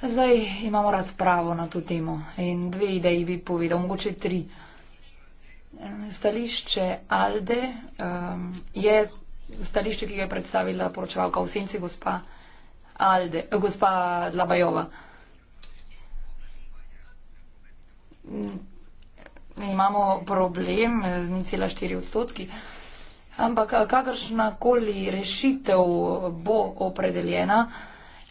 Zdaj imamo razpravo na to temo in dve ideji bi povedal, mogoče tri. Stališče Alde um, je stališče, ki ga je predstavila poročevalka v senci gospa Alde, gospa Dlabajova. Mm, imamo problem z ni cela štiri odstotki, ampak kakršna koli rešitev bo opredeljena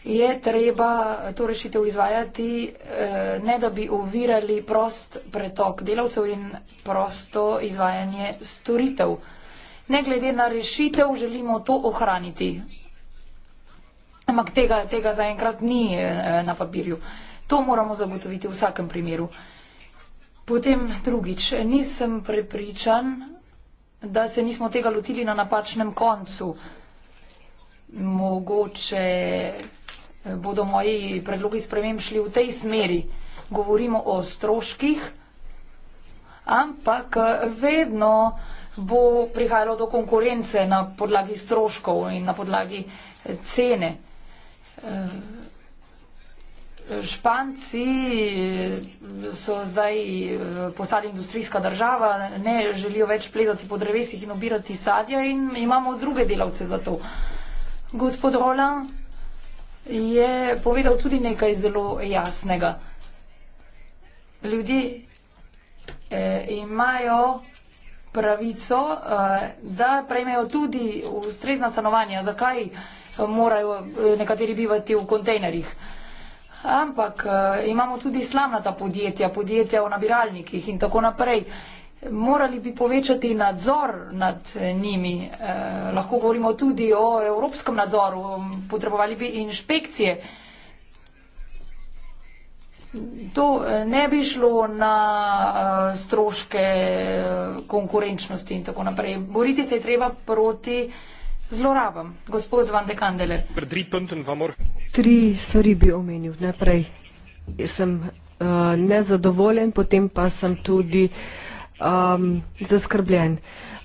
je treba to rešitev izvajati, eh, ne da bi ovirali prost pretok delavcev in prosto izvajanje storitev. Ne glede na rešitev želimo to ohraniti. Ampak tega, tega zaenkrat ni eh, na papirju. To moramo zagotoviti v vsakem primeru. Potem drugič, nisem prepričan, da se nismo tega lotili na napačnem koncu. Mogoče bodo moji predlogi sprememb šli v tej smeri. Govorimo o stroških, ampak vedno bo prihajalo do konkurence na podlagi stroškov in na podlagi eh, cene. Eh, Španci eh, so zdaj postali industrijska država, ne želijo več plezati po drevesih in obirati sadja in imamo druge delavce za to. Gospod Roland, je povedal tudi nekaj zelo jasnega. Ljudje eh, imajo pravico, eh, da prejmejo tudi ustrezna stanovanja, zakaj morajo eh, nekateri bivati v kontejnerjih. Ampak eh, imamo tudi slamnata podjetja, podjetja v nabiralnikih in tako naprej morali bi povečati nadzor nad eh, njimi. Eh, lahko govorimo tudi o evropskem nadzoru, potrebovali bi inšpekcije. To eh, ne bi šlo na eh, stroške eh, konkurenčnosti in tako naprej. Boriti se je treba proti zlorabam. Gospod Van de Kandeler. Tri stvari bi omenil. Najprej sem eh, nezadovoljen, potem pa sem tudi. Eh, um, zaskrbljen.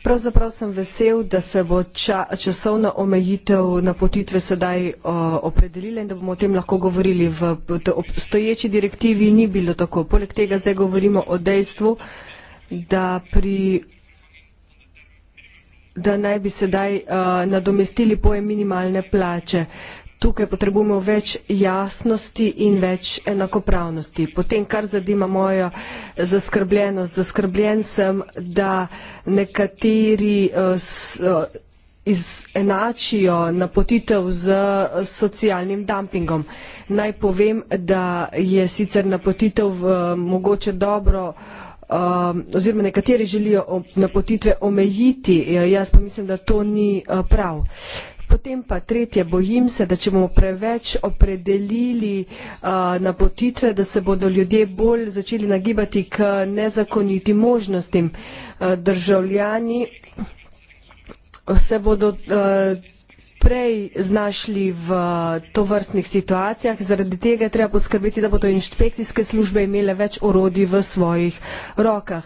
Pravzaprav sem vesel, da se bo ča, časovna omejitev na potitve sedaj uh, opredelila in da bomo o tem lahko govorili. V obstoječi direktivi ni bilo tako. Poleg tega zdaj govorimo o dejstvu, da, pri, da naj bi sedaj uh, nadomestili pojem minimalne plače tukaj potrebujemo več jasnosti in več enakopravnosti. Potem, kar zadima mojo zaskrbljenost, zaskrbljen sem, da nekateri eh, eh, izenačijo napotitev z eh, socialnim dumpingom. Naj povem, da je sicer napotitev mogoče dobro oziroma nekateri želijo napotitve omejiti, jaz pa mislim, da to ni prav. Potem pa tretje, bojim se, da če bomo preveč opredelili uh, napotitve, da se bodo ljudje bolj začeli nagibati k nezakoniti možnostim uh, državljani, se bodo. Uh, prej znašli v tovrstnih situacijah, zaradi tega je treba poskrbeti, da bodo inšpekcijske službe imele več orodij v svojih rokah.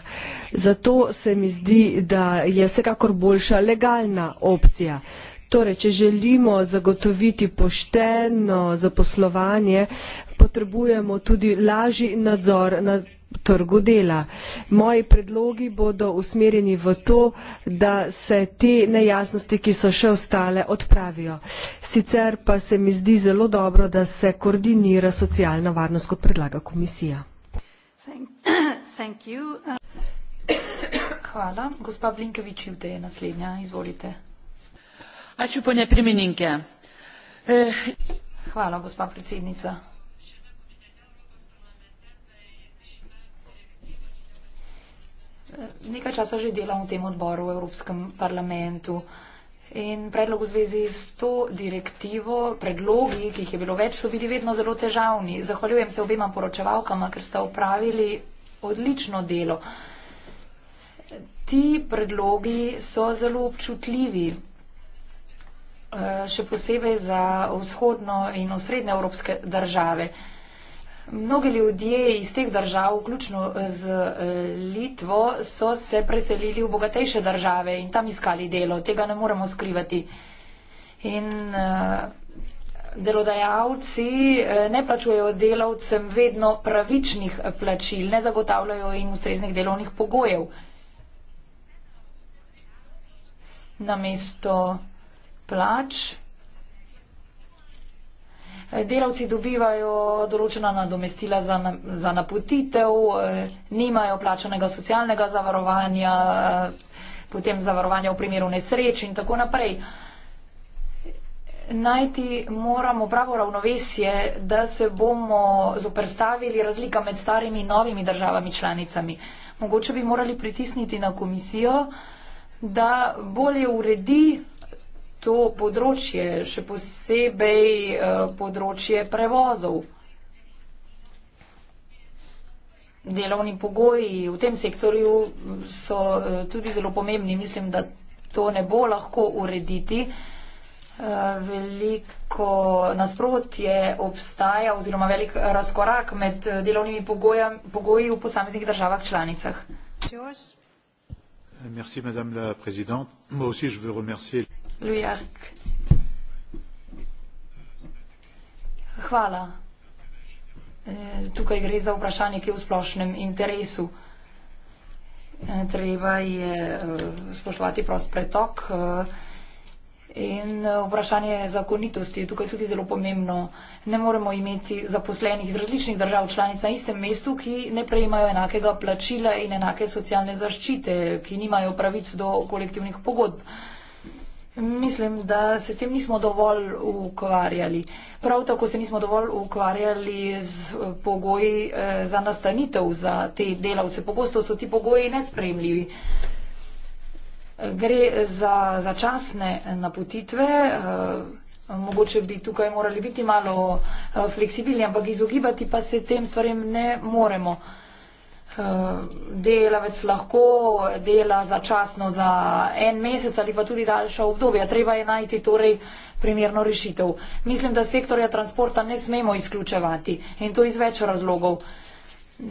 Zato se mi zdi, da je vsekakor boljša legalna opcija. Uh, Torej, če želimo zagotoviti pošteno zaposlovanje, potrebujemo tudi lažji nadzor na trgu dela. Moji predlogi bodo usmerjeni v to, da se te nejasnosti, ki so še ostale, odpravijo. Sicer pa se mi zdi zelo dobro, da se koordinira socialna varnost, kot predlaga komisija. Thank you. Hvala. Gospa Blinkovič, vde je naslednja. Izvolite. E, nekaj časa že delam v tem odboru v evropskem parlamentu in predlog v zvezi s to direktivo, predlogi, ki jih je bilo več, so bili vedno zelo težavni. Zahvaljujem se obema poročevalkama, ker sta upravili odlično delo. Ti predlogi so zelo občutljivi. Eh, še posebej za vzhodno in osrednje evropske države. Mnogi ljudje iz teh držav, vključno z eh, Litvo, so se preselili v bogatejše države in tam iskali delo. Tega ne moremo skrivati. In eh, delodajalci ne plačujejo delavcem vedno pravičnih plačil, ne zagotavljajo jim ustreznih delovnih pogojev. Namesto plač. Delavci dobivajo določena nadomestila za, za napotitev, eh, nimajo plačanega socialnega zavarovanja, eh, potem zavarovanja v primeru nesreč in tako naprej. Najti moramo pravo ravnovesje, da se bomo zoprstavili razlika med starimi in novimi državami članicami. Mogoče bi morali pritisniti na komisijo, da bolje uredi to področje, še posebej eh, področje prevozov. Delovni pogoji v tem sektorju so eh, tudi zelo pomembni. Mislim, da to ne bo lahko urediti. Eh, veliko nasprotje obstaja oziroma velik razkorak med delovnimi pogoji v posameznih državah članicah. Merci, madame la présidente. Moi aussi, je veux remercier. Louis Arc. Hvala. E, tukaj gre za vprašanje, ki je v splošnem interesu. E, treba je e, spoštovati prost pretok in vprašanje zakonitosti je tukaj tudi zelo pomembno. Ne moremo imeti zaposlenih iz različnih držav članic na istem mestu, ki ne prejemajo enakega plačila in enake socialne zaščite, ki nimajo pravic do kolektivnih pogodb. Mislim, da se s tem nismo dovolj ukvarjali. Prav tako se nismo dovolj ukvarjali z eh, pogoji eh, za nastanitev za te delavce. Pogosto so ti pogoji nespremljivi. Gre za začasne eh, napotitve. Mogoče bi tukaj morali biti malo fleksibilni, ampak izogibati pa se tem stvarem ne moremo. Eh, delavec lahko dela začasno za en mesec ali pa tudi daljša obdobja. Treba je najti torej primerno rešitev. Mislim, da sektorja transporta ne smemo izključevati in to iz več razlogov.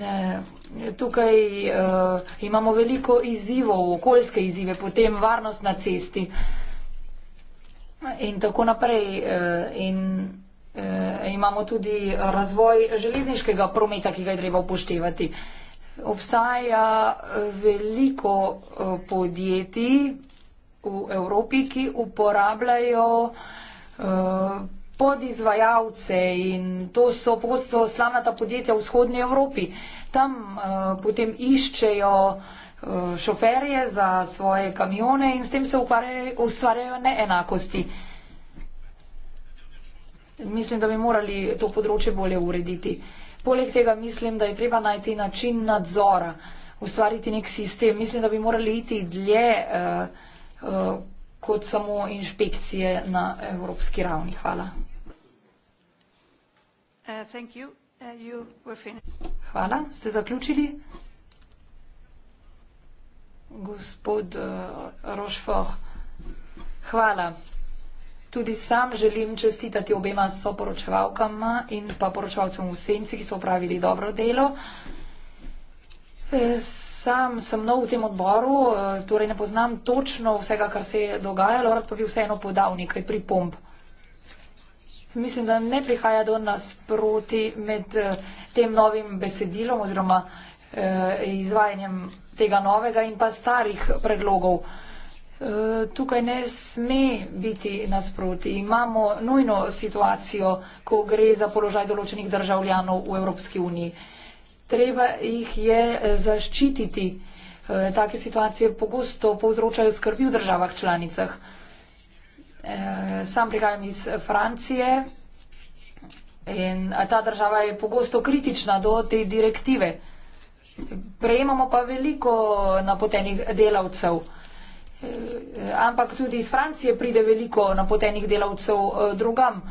Eh, tukaj uh, imamo veliko izzivov, okoljske izzive, potem varnost na cesti in tako naprej. Uh, in uh, imamo tudi razvoj železniškega prometa, ki ga je treba upoštevati. Uh, obstaja eh, veliko eh, podjetij v Evropi, ki uporabljajo eh, podizvajalce in to so pogosto slavnata podjetja v vzhodnji Evropi. Tam potem iščejo šoferje za svoje kamione in s tem se ustvarjajo neenakosti. Mislim, da bi morali to področje bolje urediti. Poleg tega mislim, da je treba najti način nadzora, ustvariti nek sistem. Mislim, da bi morali iti dlje uh, uh, kot samo inšpekcije na evropski ravni. Hvala. Uh, you. Uh, you Hvala. Ste zaključili? Gospod uh, eh, Rošfoh. Hvala. Tudi sam želim čestitati obema soporočevalkama in pa poročevalcem v senci, ki so upravili dobro delo. E, sam sem nov v tem odboru, e, torej ne poznam točno vsega, kar se je dogajalo, rad pa bi vseeno podal nekaj pripomb. Mislim, da ne prihaja do nas proti med e, tem novim besedilom oziroma izvajanjem tega novega in pa starih predlogov. Eh, tukaj ne sme biti nasproti. Imamo nujno situacijo, ko gre za položaj določenih državljanov v Evropski uniji. Treba jih je eh, zaščititi. Eh, take situacije pogosto povzročajo skrbi v državah članicah. Sam prihajam iz Francije in ta država je pogosto kritična do te direktive. Prejemamo pa veliko napotenih delavcev ampak tudi iz Francije pride veliko napotenih delavcev eh, drugam.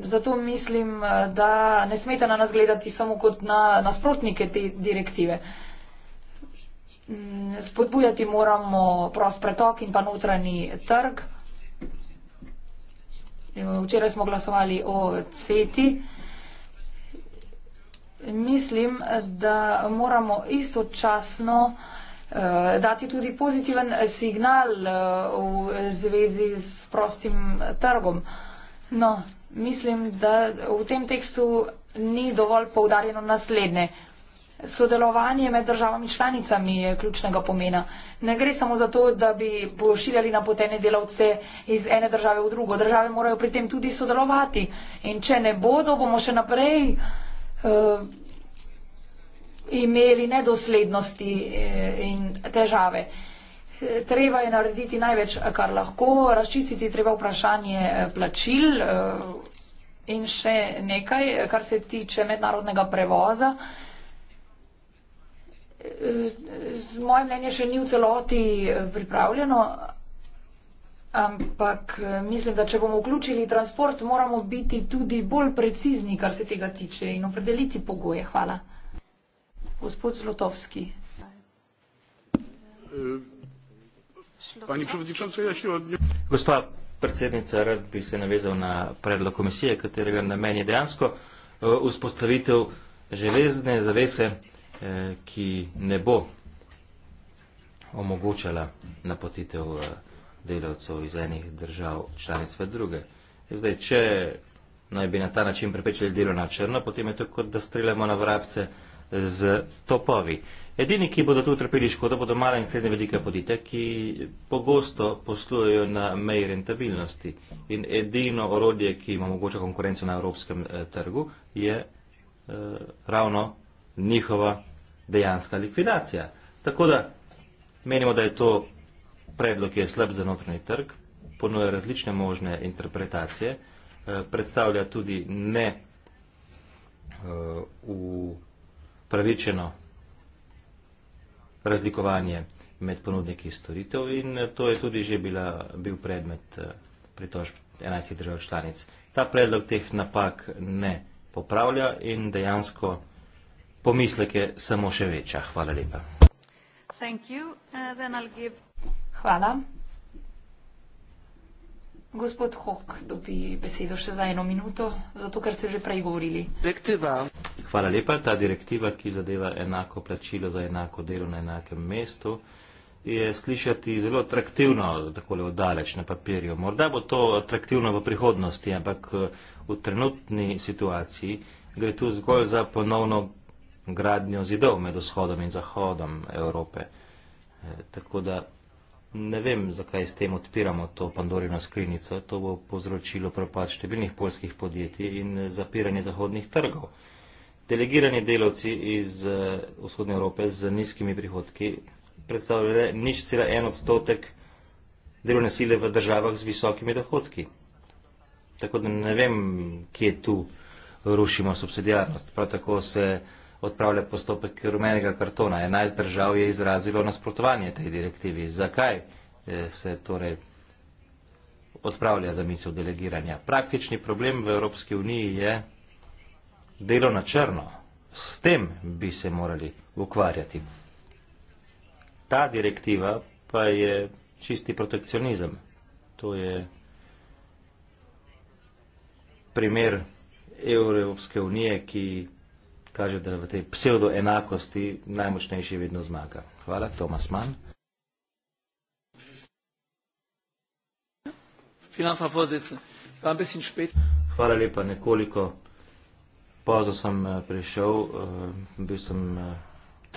Zato mislim, eh, da ne smete na nas gledati samo kot na nasprotnike te direktive. Mm, spodbujati moramo prost pretok in pa notranji trg. Včeraj smo glasovali o CETI. Mislim, da moramo istočasno uh, Eh, dati tudi pozitiven signal eh, v zvezi s prostim trgom. No, mislim, da v tem tekstu ni dovolj poudarjeno naslednje. Sodelovanje med državami članicami je ključnega pomena. Ne gre samo za to, da bi pošiljali napotene delavce iz ene države v drugo. Države morajo pri tem tudi sodelovati. In če ne bodo, bomo še naprej. Uh, imeli nedoslednosti eh, in težave. Eh, treba je narediti največ, kar lahko, razčistiti treba vprašanje eh, plačil in še nekaj, kar se tiče mednarodnega prevoza. Moje mnenje še ni v celoti pripravljeno, ampak mislim, da če bomo vključili transport, moramo biti tudi bolj precizni, kar se tega tiče in opredeliti pogoje. Hvala. Gospod Zlotowski. Pani predsednica, ja se odnjem. Gospa predsednica, rad bi se navezal na predlog komisije, katerega namen je dejansko e, vzpostavitev železne zavese, e, ki ne bo omogočala napotitev e, delavcev iz enih držav članic v druge. Zdaj, če naj bi na ta način prepečili delo na črno, potem je to kot da streljamo na vrabce, z topovi. Edini, ki bodo tu trpeli škodo, bodo mala in srednje velika podjetja, ki pogosto poslujejo na meji rentabilnosti. In edino orodje, ki ima mogoče konkurenco na evropskem eh, trgu, je eh, ravno njihova dejanska likvidacija. Tako da menimo, da je to predlog, ki je slab za notranji trg, ponuja različne možne interpretacije, eh, predstavlja tudi ne eh, v upravičeno razlikovanje med ponudniki storitev in to je tudi že bila, bil predmet eh, pritožb 11 držav članic. Ta predlog teh napak ne popravlja in dejansko pomisleke samo še veča. Hvala lepa. Thank you. Uh, then I'll give... Hvala. Gospod Hok, dobi besedo še za eno minuto, zato ker ste že prej govorili. Direktiva. Hvala lepa. Ta direktiva, ki zadeva enako plačilo za enako delo na enakem mestu, je slišati zelo atraktivno, takole oddaleč na papirju. Morda bo to atraktivno v prihodnosti, ampak v trenutni situaciji gre tu zgolj za ponovno gradnjo zidov med vzhodom in zahodom Evrope. E, tako da ne vem, zakaj s tem odpiramo to Pandorino skrinico. To bo povzročilo propad številnih polskih podjetij in zapiranje zahodnih trgov. Delegirani delavci iz eh, vzhodne Evrope z nizkimi prihodki predstavljajo nič cela en odstotek delovne sile v državah z visokimi dohodki. Tako da ne vem, kje tu rušimo subsidijarnost. Prav tako se odpravlja postopek rumenega kartona. 11 držav je izrazilo nasprotovanje tej direktivi. Zakaj eh, se torej odpravlja zamisel delegiranja? Praktični problem v Evropski uniji je delo na črno. S tem bi se morali ukvarjati. Ta direktiva pa je čisti protekcionizem. To je primer Evropske unije, ki kaže, da v tej pseudo enakosti najmočnejši vedno zmaga. Hvala, Tomas Mann. Hvala lepa, nekoliko pozno sem eh, prišel, eh, bil sem eh,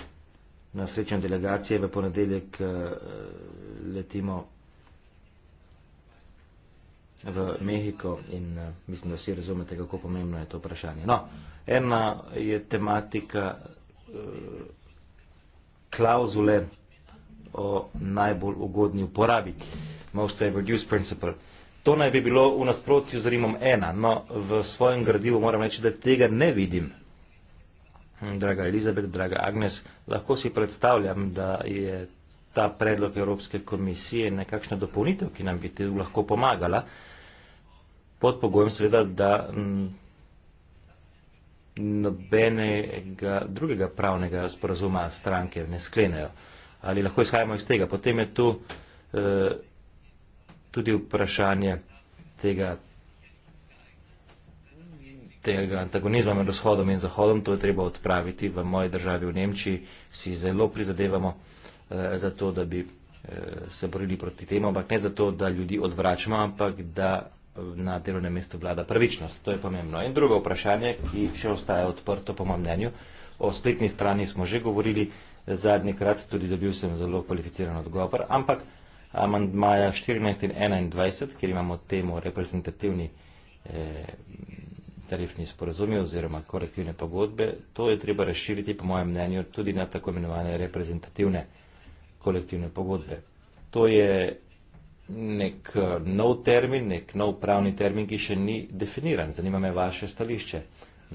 na srečanju delegacije, v ponedeljek letimo v Mehiko in eh, mislim, da vsi razumete, kako pomembno je to vprašanje. No, ena je tematika eh, klauzule o najbolj ugodni uporabi, most favored use principle. To naj bi bilo v nasprotju z Rimom 1, no v svojem gradivu moram reči, da tega ne vidim. Draga Elizabet, draga Agnes, lahko si predstavljam, da je ta predlog Evropske komisije nekakšna dopolnitev, ki nam bi te lahko pomagala, uh, pod pogojem seveda, da mm, nobenega drugega pravnega sporazuma stranke ne sklenejo. Ali lahko izhajamo iz tega? Potem je tu eh, tudi vprašanje tega, tega antagonizma med vzhodom in zahodom, to je treba odpraviti v moji državi v Nemčiji, si zelo prizadevamo eh, za to, da bi eh, se borili proti temu, ampak ne zato, da ljudi odvračamo, ampak da na delovnem mestu vlada pravičnost. To je pomembno. In drugo vprašanje, ki še ostaje odprto, po mojem mnenju, o spletni strani smo že govorili zadnji krat, tudi dobil sem zelo kvalificiran odgovor, ampak amandmaja 14 in 21, kjer imamo temo reprezentativni eh, tarifni sporazumi oziroma korektivne pogodbe, to je treba razširiti, po mojem mnenju, tudi na tako imenovane reprezentativne kolektivne pogodbe. To je nek eh, nov termin, nek nov pravni termin, ki še ni definiran. Zanima me vaše stališče.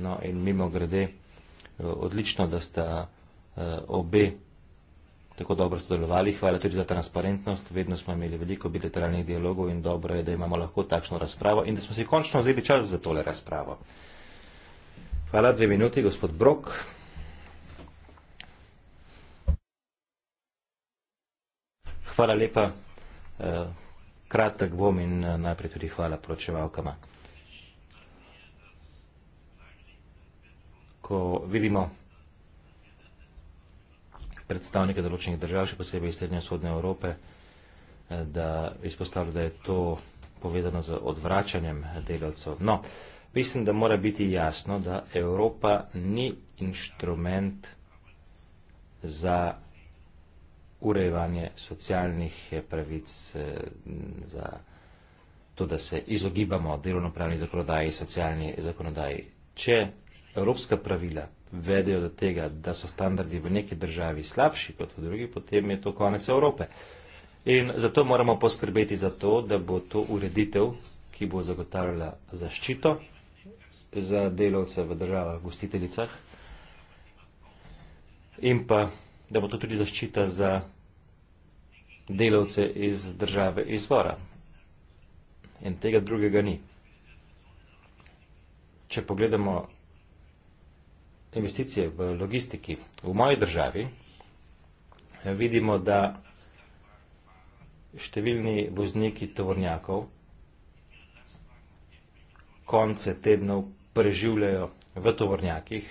No in mimo grede, eh, odlično, da sta eh, obe tako dobro sodelovali. Hvala tudi za transparentnost. Vedno smo imeli veliko bilateralnih dialogov in dobro je, da imamo lahko takšno razpravo in da smo si končno vzeli čas za tole razpravo. Hvala dve minuti, gospod Brok. Hvala lepa kratek bom in eh, najprej tudi hvala poročevalkama. Ko vidimo predstavnike določenih držav, še posebej iz srednje vzhodne Evrope, eh, da izpostavlja, da je to povezano z odvračanjem delavcev. No, mislim, da mora biti jasno, da Evropa ni inštrument za urejevanje socialnih pravic, eh, za to, da se izogibamo delovnopravni zakonodaji, socialni zakonodaji. Če evropska pravila vedejo do tega, da so standardi v neki državi slabši kot v drugi, potem je to konec Evrope. In zato moramo poskrbeti za to, da bo to ureditev, ki bo zagotavljala zaščito za delovce v državah, gostiteljicah in pa da bo to tudi zaščita za delavce iz države izvora. In tega drugega ni. Če pogledamo investicije v logistiki v moji državi, vidimo, da številni vozniki tovornjakov konce tednov preživljajo v tovornjakih,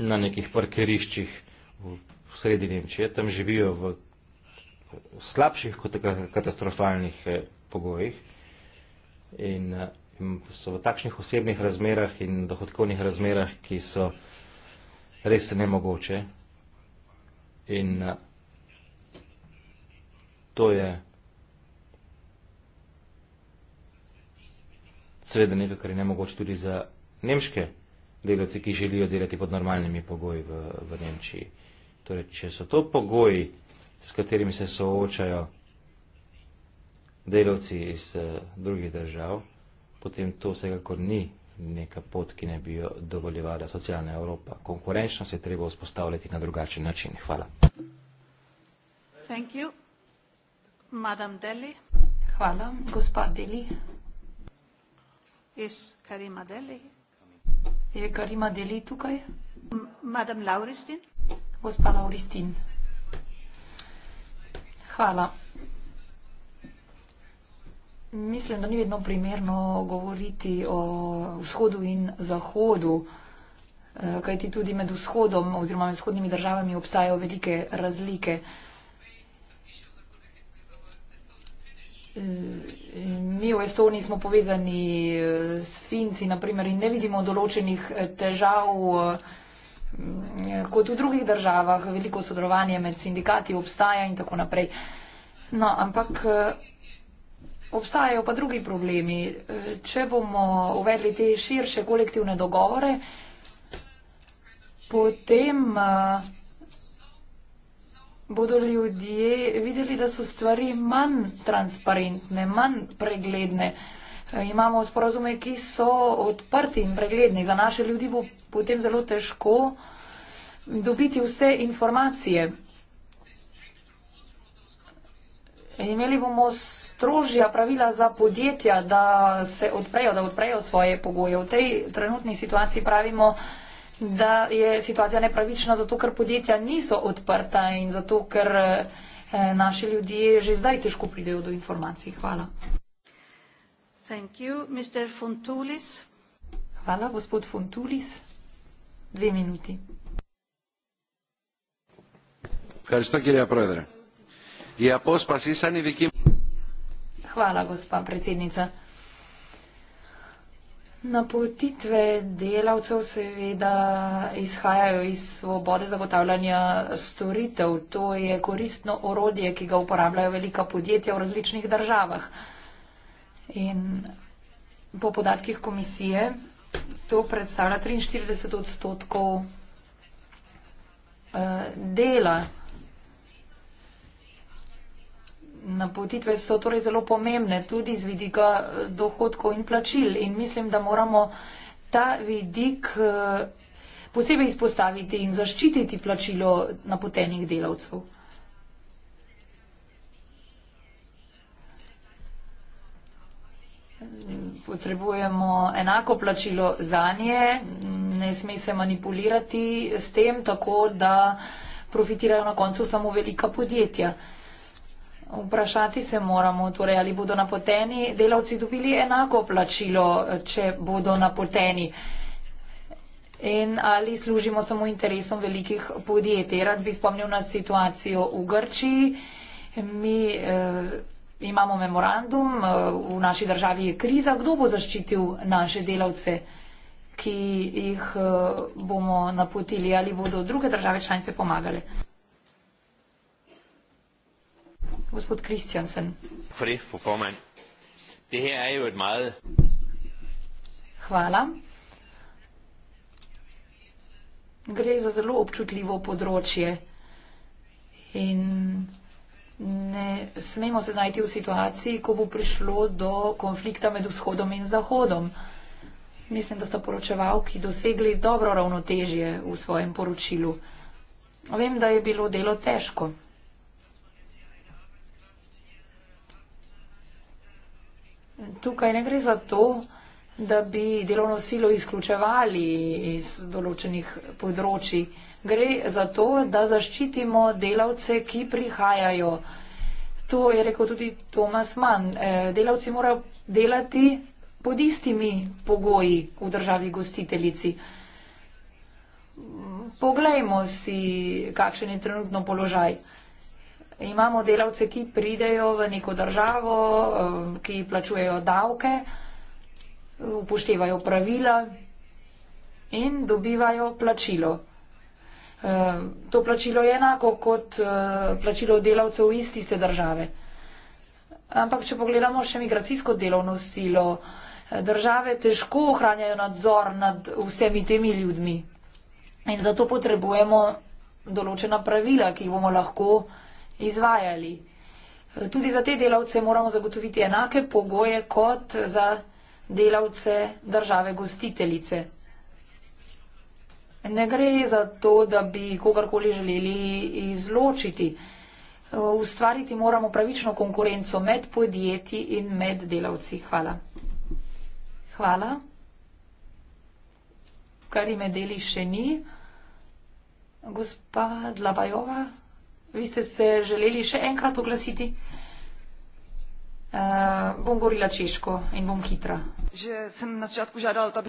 na nekih parkeriščih v sredi Nemčije, tam živijo v slabših kot katastrofalnih eh, pogojih in eh, so v takšnih osebnih razmerah in dohodkovnih razmerah, ki so res nemogoče in eh, to je sveda nekaj, kar je nemogoče tudi za nemške delavce, ki želijo delati pod normalnimi pogoji v Nemčiji. Torej, če so to pogoji, s katerimi se soočajo delavci iz eh, drugih držav, potem to vsekakor ni neka pot, ki ne bi jo dovoljevala socialna Evropa. Konkurenčnost je treba vzpostavljati na drugačen način. Hvala. Thank you. Madam Deli. Hvala. Gospa Deli. Is Karima Deli. Je Karima Deli tukaj? M Madam Lauristin. Gospa Lauristin. Hvala. Mislim, da ni vedno primerno govoriti o vzhodu in zahodu, eh, kajti tudi med vzhodom oziroma med vzhodnimi državami obstajajo velike razlike. Eh, mi v Estoniji smo povezani eh, s Finci, naprimer, in ne vidimo določenih težav, kot v drugih državah, veliko sodelovanje med sindikati obstaja in tako naprej. No, ampak eh, obstajajo pa drugi problemi. Eh, če bomo uvedli te širše kolektivne dogovore, potem eh, bodo ljudje videli, da so stvari manj transparentne, manj pregledne. Imamo sporozume, ki so odprti in pregledni. Za naše ljudi bo potem zelo težko dobiti vse informacije. Imeli bomo strožja pravila za podjetja, da se odprejo, da odprejo svoje pogoje. V tej trenutni situaciji pravimo, da je situacija nepravična, zato ker podjetja niso odprta in zato ker eh, naši ljudje že zdaj težko pridejo do informacij. Hvala. Thank you, Mr. Funtulis. Hvala, gospod Funtulis. Dve minuti. Hvala, gospa predsednica. Napotitve delavcev seveda izhajajo iz svobode zagotavljanja storitev. To je koristno orodje, ki ga uporabljajo velika podjetja v različnih državah. In po podatkih komisije to predstavlja 43 odstotkov eh, dela. Napotitve so torej zelo pomembne tudi z vidika eh, dohodkov in plačil in mislim, da moramo ta vidik eh, posebej izpostaviti in zaščititi plačilo napotenih delavcev. Potrebujemo enako plačilo za nje, ne sme se manipulirati s tem tako, da profitirajo na koncu samo velika podjetja. Vprašati se moramo, torej, ali bodo napoteni delavci dobili enako plačilo, če bodo napoteni. In ali služimo samo interesom velikih podjetij. Rad bi spomnil na situacijo v Grčiji. Mi eh, imamo memorandum, eh, v naši državi je kriza, kdo bo zaščitil naše delavce, ki jih eh, bomo napotili, ali bodo druge države članice pomagale. Er Hvala. Gre za zelo občutljivo področje in ne smemo se znajti v situaciji, ko bo prišlo do konflikta med vzhodom in zahodom. Mislim, da so poročevalki dosegli dobro ravnotežje v svojem poročilu. Vem, da je bilo delo težko. Tukaj ne gre za to, da bi delovno silo izključevali iz določenih področji. Gre za to, da zaščitimo delavce, ki prihajajo. To je rekel tudi Tomas Mann. E, delavci morajo delati pod istimi pogoji v državi gostiteljici. Poglejmo si, kakšen je trenutno položaj imamo delavce, ki pridejo v neko državo, eh, ki plačujejo davke, upoštevajo pravila in dobivajo plačilo. Eh, to plačilo je enako kot eh, plačilo delavcev iz tiste države. Ampak če pogledamo še migracijsko delovno silo, države težko ohranjajo nadzor nad vsemi temi ljudmi. In zato potrebujemo določena pravila, ki jih bomo lahko izvajali. Tudi za te delavce moramo zagotoviti enake pogoje kot za delavce države gostiteljice. Ne gre za to, da bi kogarkoli želeli izločiti. Ustvariti moramo pravično konkurenco med podjetji in med delavci. Hvala. Hvala. Kar ime deli še ni. Gospa Dlabajova. Vi ste se želeli še enkrat oglasiti? Uh, bom govorila češko in bom hitra. Že sem na začetku žadala, da bi.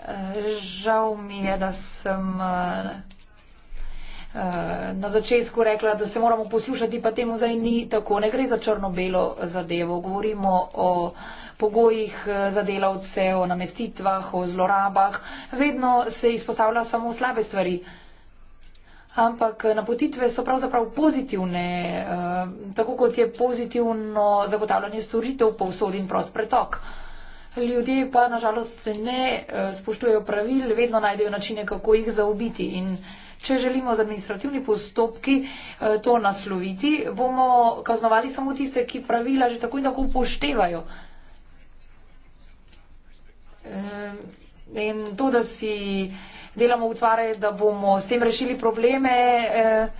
Eh, žal mi je, da sem eh, na začetku rekla, da se moramo poslušati, pa temu zdaj ni tako. Ne gre za črno-belo zadevo. Govorimo o pogojih za delavce, o namestitvah, o zlorabah. Vedno se izpostavlja samo slabe stvari ampak eh, napotitve so pravzaprav pozitivne, eh, tako kot je pozitivno zagotavljanje storitev povsod in prost pretok. Ljudje pa nažalost ne eh, spoštujejo pravil, vedno najdejo načine, kako jih zaubiti. In če želimo z administrativni postopki to nasloviti, bomo kaznovali samo tiste, ki pravila že tako in tako upoštevajo. In to, da si delamo utvare, da bomo s tem rešili probleme. Eh,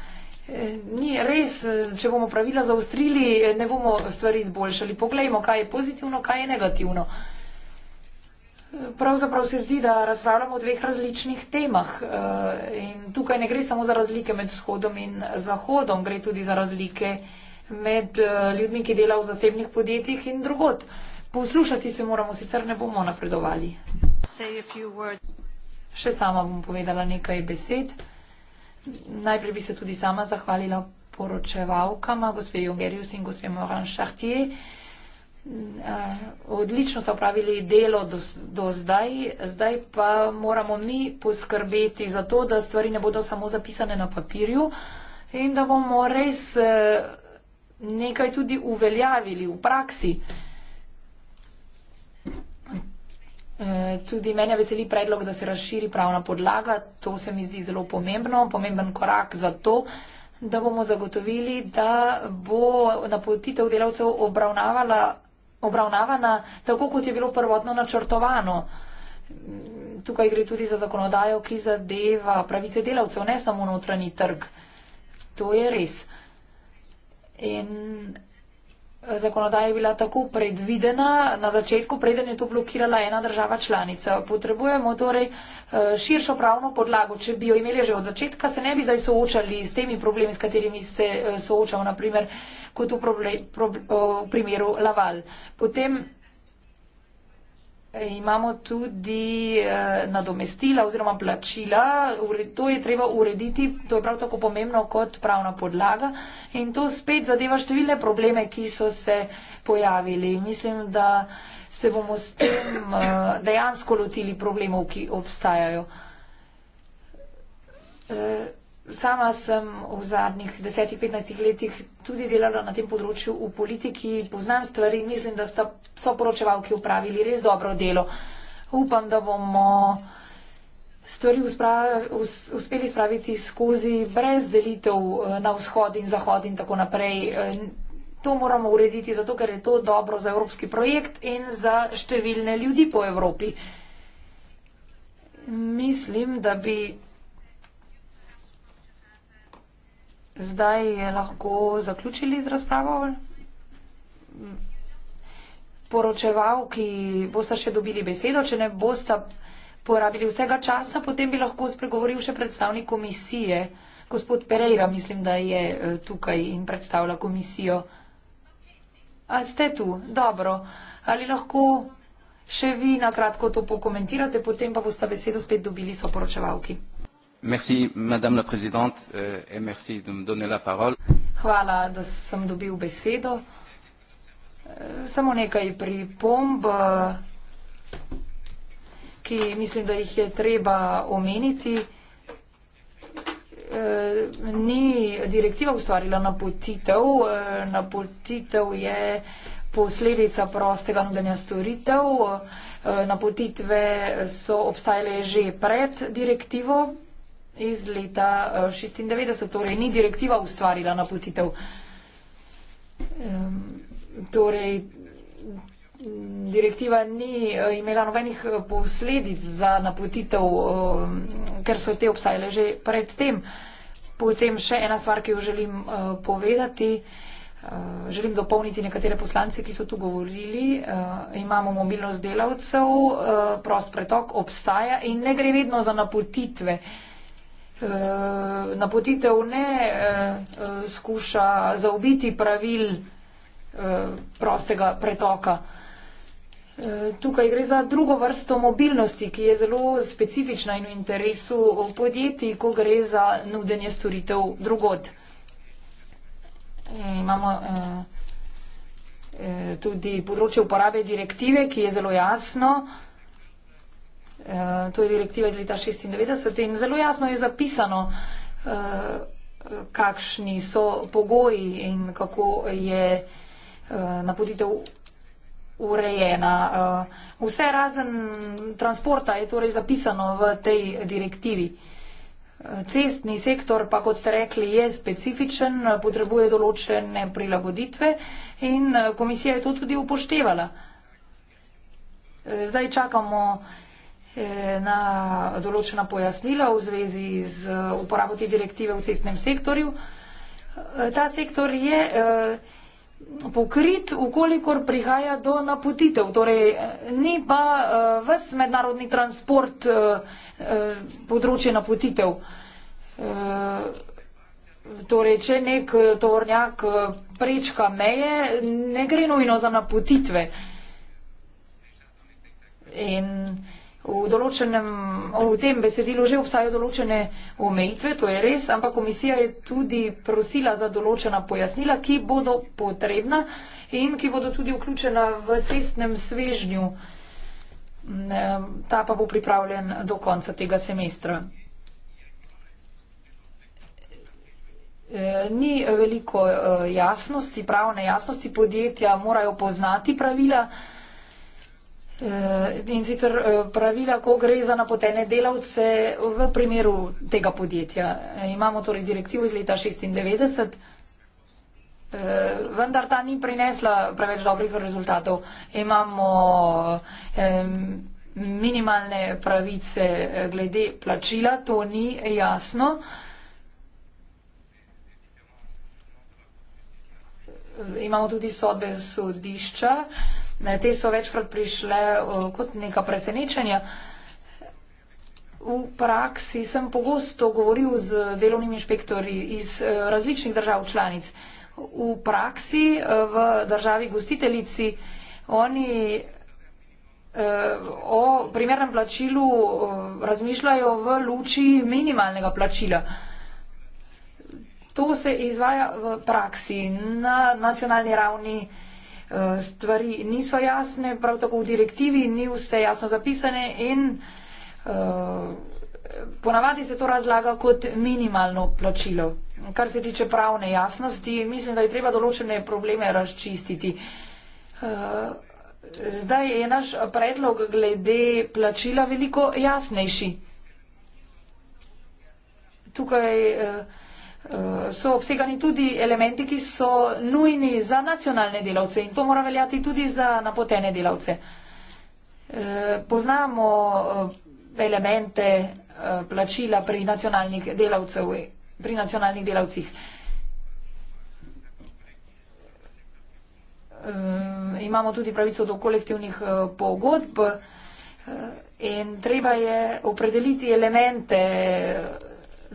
eh, ni res, če bomo pravila zaustrili, eh, ne bomo stvari izboljšali. Poglejmo, kaj je pozitivno, kaj je negativno. Pravzaprav se zdi, da razpravljamo o dveh različnih temah. In tukaj ne gre samo za razlike med vzhodom in zahodom, gre tudi za razlike med ljudmi, ki delajo v zasebnih podjetjih in drugot. Poslušati se moramo, sicer ne bomo napredovali. Še sama bom povedala nekaj besed. Najprej bi se tudi sama zahvalila poročevalkama, gospe Jongerius in gospe Moran Chartier. Eh, odlično so opravili delo do, do zdaj, zdaj pa moramo mi poskrbeti za to, da stvari ne bodo samo zapisane na papirju in da bomo res eh, nekaj tudi uveljavili v praksi. Uh, Tudi mene veseli predlog, da se razširi pravna podlaga. To se mi zdi zelo pomembno, pomemben korak za to, da bomo zagotovili, da bo napotitev delavcev obravnavana tako, kot je bilo prvotno načrtovano. Tukaj gre tudi za zakonodajo, ki zadeva pravice delavcev, ne samo notranji trg. To je res. In zakonodaja je bila tako predvidena na začetku, preden je to blokirala ena država članica. Potrebujemo torej eh, širšo pravno podlago. Če bi jo imeli že od začetka, se ne bi zdaj soočali s temi problemi, s katerimi se eh, soočamo, naprimer kot v proble, pro, eh, primeru Laval. Potem Imamo tudi eh, nadomestila oziroma plačila. To je treba urediti, to je prav tako pomembno kot pravna podlaga. In to spet zadeva številne probleme, ki so se pojavili. Mislim, da se bomo s tem eh, dejansko lotili problemov, ki obstajajo. Eh, Sama sem v zadnjih 10-15 letih tudi delala na tem področju v politiki, poznam stvari in mislim, da sta, so poročevalki upravili res dobro delo. Upam, da bomo stvari uspravi, us, uspeli spraviti skozi brez delitev eh, na vzhod in zahod in tako naprej. Eh, to moramo urediti, zato ker je to dobro za evropski projekt in za številne ljudi po Evropi. Mislim, da bi Zdaj je lahko zaključili z razpravo. Poročevalki boste še dobili besedo, če ne boste porabili vsega časa, potem bi lahko spregovoril še predstavnik komisije. Gospod Pereira, mislim, da je e, tukaj in predstavlja komisijo. A ste tu? Dobro. Ali lahko še vi nakratko to pokomentirate, potem pa boste besedo spet dobili soporočevalki. Merci, madame la présidente, euh, et merci de me donner la parole. Hvala, da sem dobil besedo. Eh, samo nekaj pripomb, eh, ki mislim, da jih je treba omeniti. Eh, ni direktiva ustvarila napotitev. Napotitev je posledica prostega nudenja storitev. Napotitve so obstajale že pred direktivo iz leta 1996, eh, torej ni direktiva ustvarila napotitev. Torej, direktiva ni eh, imela nobenih eh, posledic za napotitev, ker so te obstajale že predtem. Potem še ena stvar, ki jo želim povedati. Želim dopolniti nekatere poslance, ki so tu govorili. Imamo mobilnost delavcev, prost pretok obstaja in ne gre vedno za napotitve. Eh, napotitev ne eh, eh, skuša zaubiti pravil prostega pretoka. Tukaj gre za drugo vrsto mobilnosti, ki je zelo specifična in v interesu podjetij, ko gre za nudenje storitev drugod. Imamo tudi področje uporabe direktive, ki je zelo jasno. Eh, to je direktiva iz leta 96 in zelo jasno je zapisano, eh, kakšni so pogoji in kako je eh, napotitev urejena. Vse razen transporta je torej zapisano v tej direktivi. Cestni sektor pa, kot ste rekli, je specifičen, potrebuje določene prilagoditve in komisija je to tudi upoštevala. Zdaj čakamo Eh, na določena pojasnila v zvezi z eh, uporabo te direktive v cestnem sektorju. Eh, ta sektor je pokrit, ukolikor prihaja do napotitev, torej ni pa ves mednarodni transport področje napotitev. Torej, če nek tovornjak prečka meje, ne gre nujno za napotitve. In v določenem, v tem besedilu že obstajajo določene omejitve, to je res, ampak komisija je tudi prosila za določena pojasnila, ki bodo potrebna in ki bodo tudi vključena v cestnem svežnju. Ta pa bo pripravljen do konca tega semestra. E, ni veliko e, jasnosti, pravne jasnosti, podjetja morajo poznati pravila, Eh, in sicer eh, pravila, ko gre za napotene delavce v primeru tega podjetja. Eh, imamo torej direktivo iz leta 96, vendar ta ni prinesla preveč dobrih rezultatov. Imamo minimalne pravice glede plačila, to ni jasno. Imamo tudi sodbe sodišča. Ne, te so večkrat prišle uh, kot neka presenečenja. V praksi sem pogosto govoril z delovnimi inšpektori iz uh, različnih držav članic. V praksi uh, v državi gostiteljici oni uh, o primernem plačilu uh, razmišljajo v luči minimalnega plačila. To se izvaja v praksi na nacionalni ravni. Uh, Eh, stvari niso jasne, prav tako v direktivi ni vse jasno zapisane in eh, ponavadi se to razlaga kot minimalno plačilo. Kar se tiče pravne jasnosti, mislim, da je treba določene probleme razčistiti. Eh, zdaj je naš predlog glede plačila veliko jasnejši. Tukaj uh, Eh, so obsegani tudi elementi, ki so nujni za nacionalne delavce in to mora veljati tudi za napotene delavce. Eh, poznamo eh, elemente plačila pri nacionalnih, delavcev, pri nacionalnih delavcih. Imamo tudi pravico do kolektivnih pogodb in treba je opredeliti elemente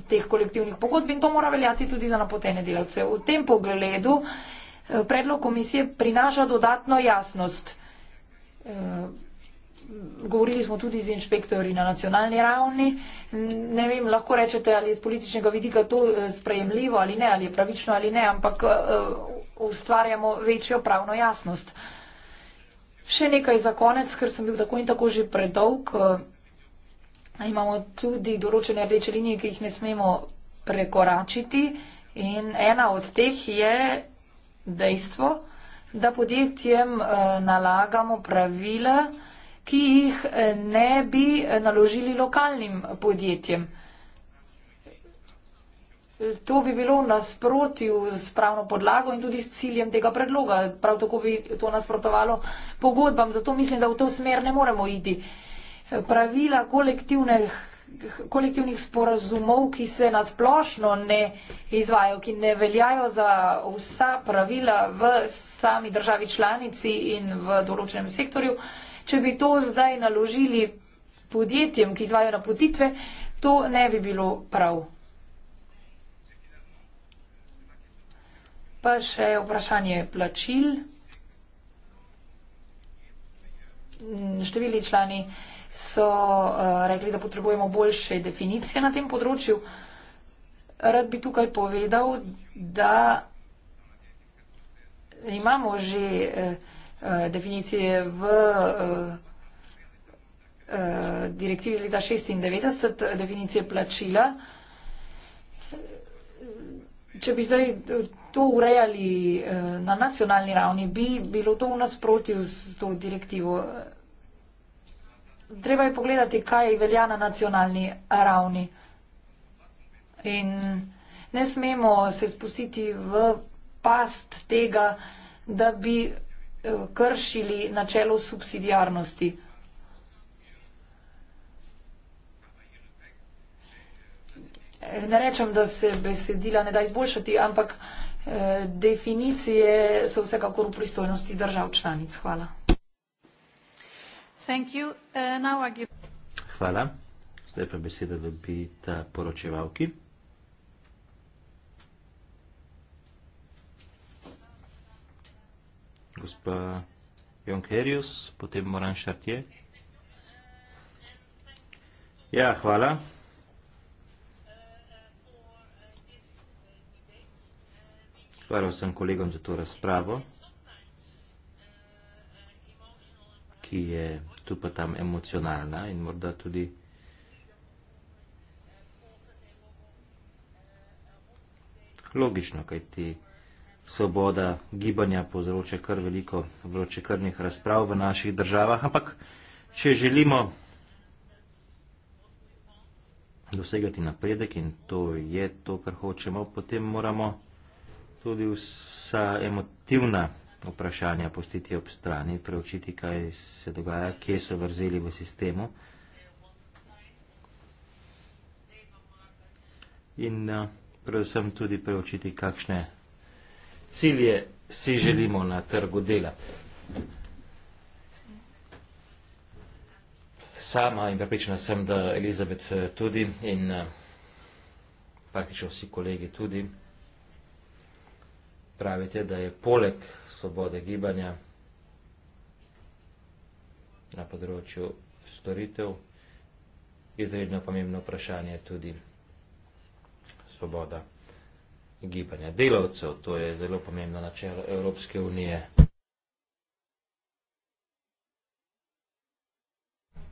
teh kolektivnih pogodb in to mora veljati tudi za napotene delavce. V tem pogledu eh, predlog komisije prinaša dodatno jasnost. Eh, govorili smo tudi z inšpektori na nacionalni ravni. Ne vem, lahko rečete, ali je z političnega vidika to eh, sprejemljivo ali ne, ali je pravično ali ne, ampak ustvarjamo večjo pravno jasnost. Še nekaj za konec, ker sem bil tako in tako že predolg imamo tudi določene rdeče linije, ki jih ne smemo prekoračiti. In ena od teh je dejstvo, da podjetjem eh, nalagamo pravila, ki jih eh, ne bi naložili lokalnim podjetjem. To bi bilo nasprotju s pravno podlago in tudi s ciljem tega predloga. Prav tako bi to nasprotovalo pogodbam, zato mislim, da v to smer ne moremo iti pravila kolektivnih, kolektivnih sporazumov, ki se nasplošno ne izvajo, ki ne veljajo za vsa pravila v sami državi članici in v določenem sektorju. Če bi to zdaj naložili podjetjem, ki izvajo napotitve, to ne bi bilo prav. Pa še vprašanje plačil. Številni člani so uh, rekli, da potrebujemo boljše definicije na tem področju. Rad bi tukaj povedal, da imamo že uh, definicije v uh, direktivi iz leta 96, definicije plačila. Če bi zdaj to urejali na nacionalni ravni, bi bilo to v nasprotju s to direktivo treba je pogledati, kaj velja na nacionalni ravni. In ne smemo se spustiti v past tega, da bi eh, kršili načelo subsidijarnosti. Eh, ne rečem, da se besedila ne da izboljšati, ampak eh, definicije so vsekakor v pristojnosti držav članic. Hvala. Thank you. Uh, now I give... Hvala. Zdaj pa beseda dobita poročevalki. Gospa Jonkerius, potem Moran Šartje. Ja, hvala. Hvala vsem kolegom za to razpravo, ki je tu pa tam emocionalna in morda tudi logično, kajti svoboda gibanja povzroča kar veliko vročekrnih razprav v naših državah, ampak če želimo dosegati napredek in to je to, kar hočemo, potem moramo tudi vsa emotivna vprašanja postiti ob strani, preučiti, kaj se dogaja, kje so vrzeli v sistemu. In uh, predvsem tudi preučiti, kakšne cilje si želimo na trgu dela. Sama in prepričana sem, da Elizabet eh, tudi in uh, praktično vsi kolegi tudi pravite, da je poleg svobode gibanja na področju storitev izredno pomembno vprašanje tudi svoboda gibanja delavcev. To je zelo pomembno načelo Evropske unije.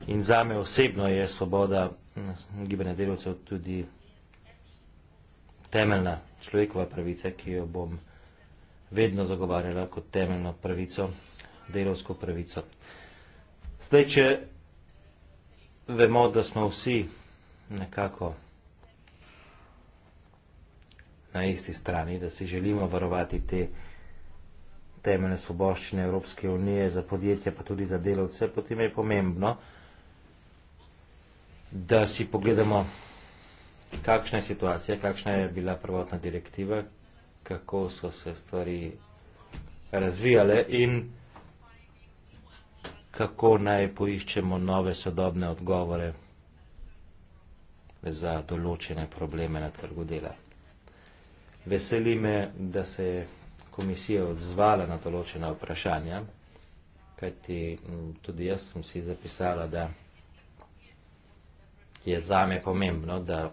In zame osebno je svoboda gibanja delavcev tudi temeljna človekova pravica, ki jo bom vsega vedno zagovarjala kot temeljno pravico, delovsko pravico. Zdaj, če vemo, da smo vsi nekako na isti strani, da si želimo varovati te temeljne svoboščine Evropske unije za podjetja, pa tudi za delovce, potem je pomembno, da si pogledamo, kakšna je situacija, kakšna je bila prvotna direktiva, kako so se stvari razvijale in kako naj poiščemo nove sodobne odgovore za določene probleme na trgu dela. Veseli me, da se je komisija odzvala na določena vprašanja, kajti tudi jaz sem si zapisala, da je zame pomembno, da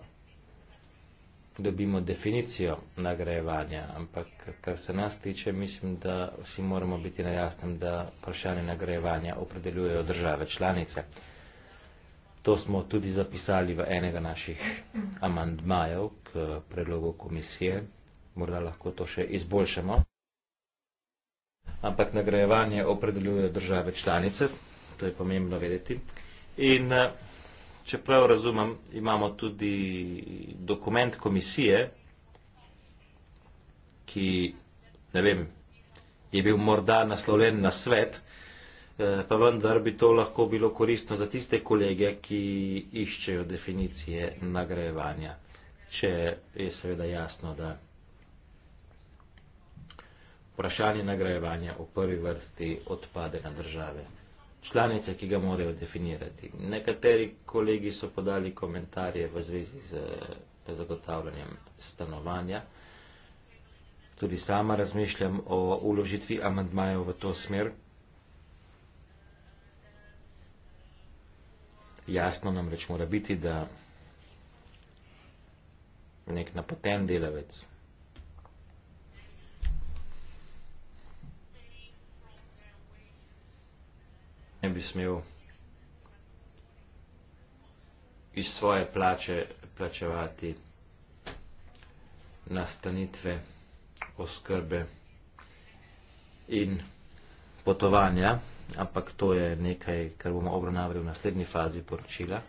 dobimo definicijo nagrajevanja, ampak kar se nas tiče, mislim, da vsi moramo biti na jasnem, da vprašanje nagrajevanja opredeljujejo države članice. To smo tudi zapisali v enega naših amandmajev k predlogu komisije. Morda lahko to še izboljšamo. Ampak nagrajevanje opredeljujejo države članice, to je pomembno vedeti. In eh, Če prav razumem, imamo tudi dokument komisije, ki ne vem, je bil morda naslovljen na svet, eh, pa vendar bi to lahko bilo koristno za tiste kolege, ki iščejo definicije nagrajevanja, če je seveda jasno, da vprašanje nagrajevanja v prvi vrsti odpade na države članice, ki ga morajo definirati. Nekateri kolegi so podali komentarje v zvezi z zagotavljanjem stanovanja. Tudi sama razmišljam o uložitvi amandmajev v to smer. Jasno namreč mora biti, da nek napoten delavec ne bi smel iz svoje plače plačevati nastanitve, oskrbe in potovanja, ampak to je nekaj, kar bomo obravnavali v naslednji fazi poročila.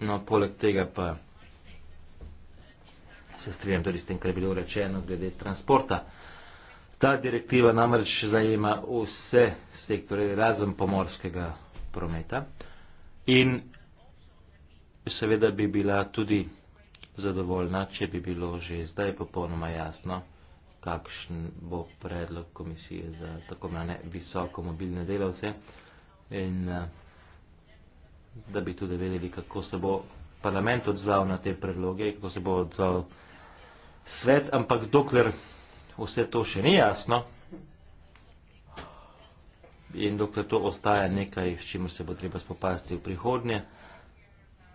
No, poleg tega pa se strinjam tudi s tem, kar je bilo rečeno glede transporta. Ta direktiva namreč zajema vse sektore razen pomorskega prometa in seveda bi bila tudi zadovoljna, če bi bilo že zdaj popolnoma jasno, kakšen bo predlog komisije za tako imenovane visoko mobilne delavce in eh, da bi tudi vedeli, kako se bo parlament odzval na te predloge, kako se bo odzval svet, ampak dokler vse to še ni jasno in dokler to ostaja nekaj, s čimer se bo treba spopasti v prihodnje,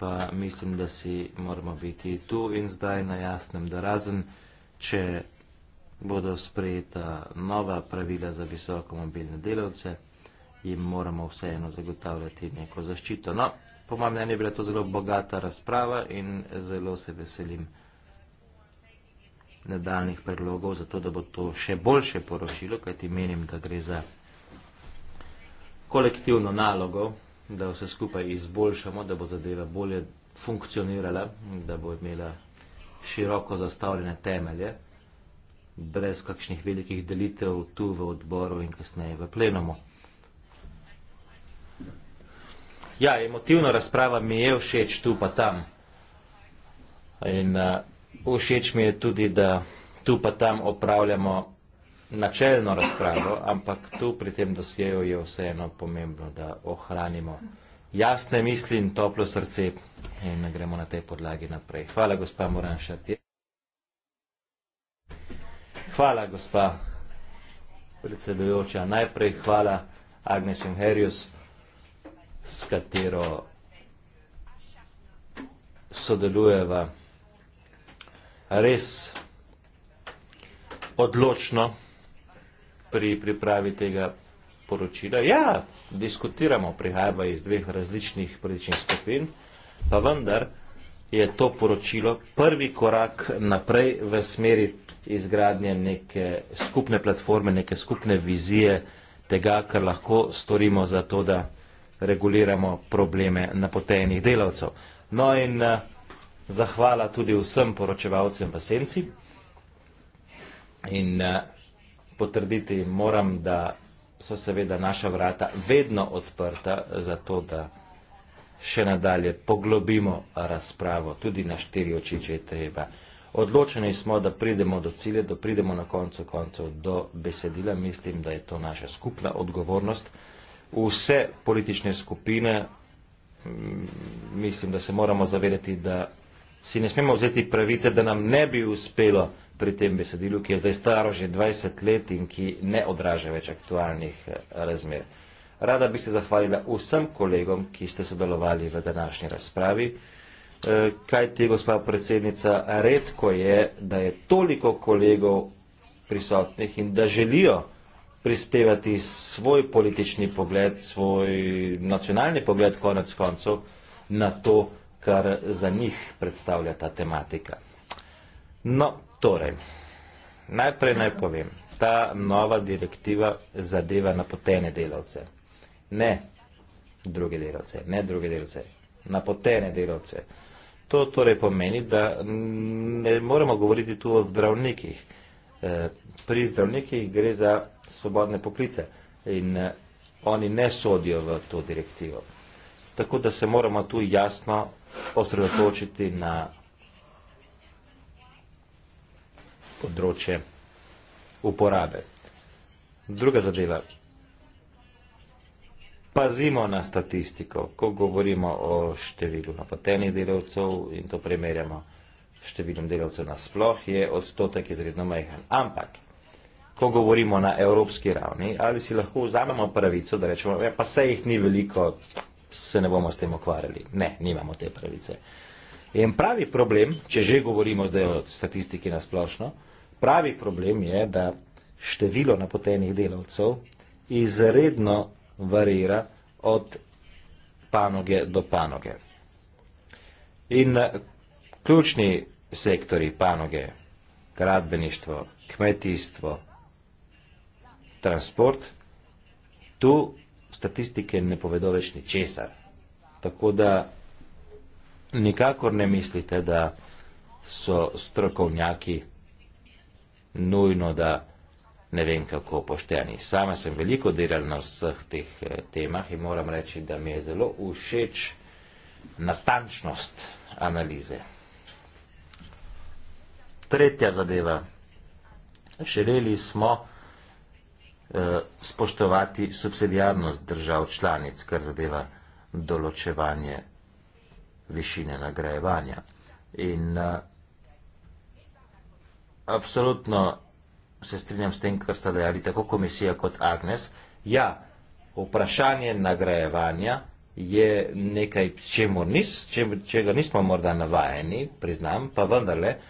pa mislim, da si moramo biti tu in zdaj na jasnem, da razen, če bodo sprejeta nova pravila za visoko mobilne delavce, jim moramo vseeno zagotavljati neko zaščito. No, po mojem mnenju je bila to zelo bogata razprava in zelo se veselim nadaljnih predlogov, zato da bo to še boljše poročilo, kajti menim, da gre za kolektivno nalogo, da vse skupaj izboljšamo, da bo zadeva bolje funkcionirala, da bo imela široko zastavljene temelje, brez kakšnih velikih delitev tu v odboru in kasneje v plenumu. Ja, emotivna razprava mi je všeč tu pa tam. In uh, všeč mi je tudi, da tu pa tam opravljamo načelno razpravo, ampak tu pri tem dosjeju je vseeno pomembno, da ohranimo jasne misli in toplo srce in gremo na tej podlagi naprej. Hvala, gospa Moran Šartje. Hvala, gospa predsedujoča. Najprej hvala Agnes Herius, s katero sodelujeva res odločno pri pripravi tega poročila. Ja, diskutiramo, prihajamo iz dveh različnih političnih skupin, pa vendar je to poročilo prvi korak naprej v smeri izgradnje neke skupne platforme, neke skupne vizije tega, kar lahko storimo za to, da reguliramo probleme napotenih delavcev. No in uh, zahvala tudi vsem poročevalcem v senci in eh, potrditi moram, da so seveda naša vrata vedno odprta za to, da še nadalje poglobimo razpravo tudi na štiri oči, če je treba. Odločeni smo, da pridemo do cilja, da pridemo na koncu koncev do besedila. Mislim, da je to naša skupna odgovornost. Vse politične skupine, mm, mislim, da se moramo zavedati, da si ne smemo vzeti pravice, da nam ne bi uspelo pri tem besedilu, ki je zdaj staro že 20 let in ki ne odraža več aktualnih eh, razmer. Rada bi se zahvalila vsem kolegom, ki ste sodelovali v današnji razpravi. Eh, Kaj ti, gospa predsednica, redko je, da je toliko kolegov prisotnih in da želijo prispevati svoj politični pogled, svoj nacionalni pogled konec koncev na to, kar za njih predstavlja ta tematika. No, torej, najprej naj povem, ta nova direktiva zadeva napotene delavce. Ne druge delavce, ne druge delavce, napotene delavce. To torej pomeni, da ne moremo govoriti tu o zdravnikih. E, pri zdravnikih gre za svobodne poklice in e, oni ne sodijo v to direktivo. Tako da se moramo tu jasno osredotočiti na področje uporabe. Druga zadeva. Pazimo na statistiko, ko govorimo o številu napotenih delavcev in to primerjamo s številom delavcev nasploh, je odstotek izredno majhen. Ampak, ko govorimo na evropski ravni, ali si lahko vzamemo pravico, da rečemo, ja, pa se jih ni veliko, se ne bomo s tem okvarjali. Ne, nimamo te pravice. In pravi problem, če že govorimo zdaj o statistiki nasplošno, pravi problem je, da število napotenih delavcev izredno varira od panoge do panoge. In eh, ključni sektori panoge, gradbeništvo, kmetijstvo, transport, tu statistike ne povedo več ni česar. Tako da nikakor ne mislite, da so strokovnjaki nujno, da ne vem kako pošteni. Sama sem veliko delal na vseh teh eh, temah in moram reči, da mi je zelo všeč natančnost analize. Tretja zadeva. Želeli smo, Eh, spoštovati subsidijarnost držav članic, kar zadeva določevanje višine nagrajevanja. In eh, absolutno se strinjam s tem, kar sta dejali tako komisija kot Agnes. Ja, vprašanje nagrajevanja je nekaj, čemu nis, čem, čega nismo morda navajeni, priznam, pa vendarle, uh,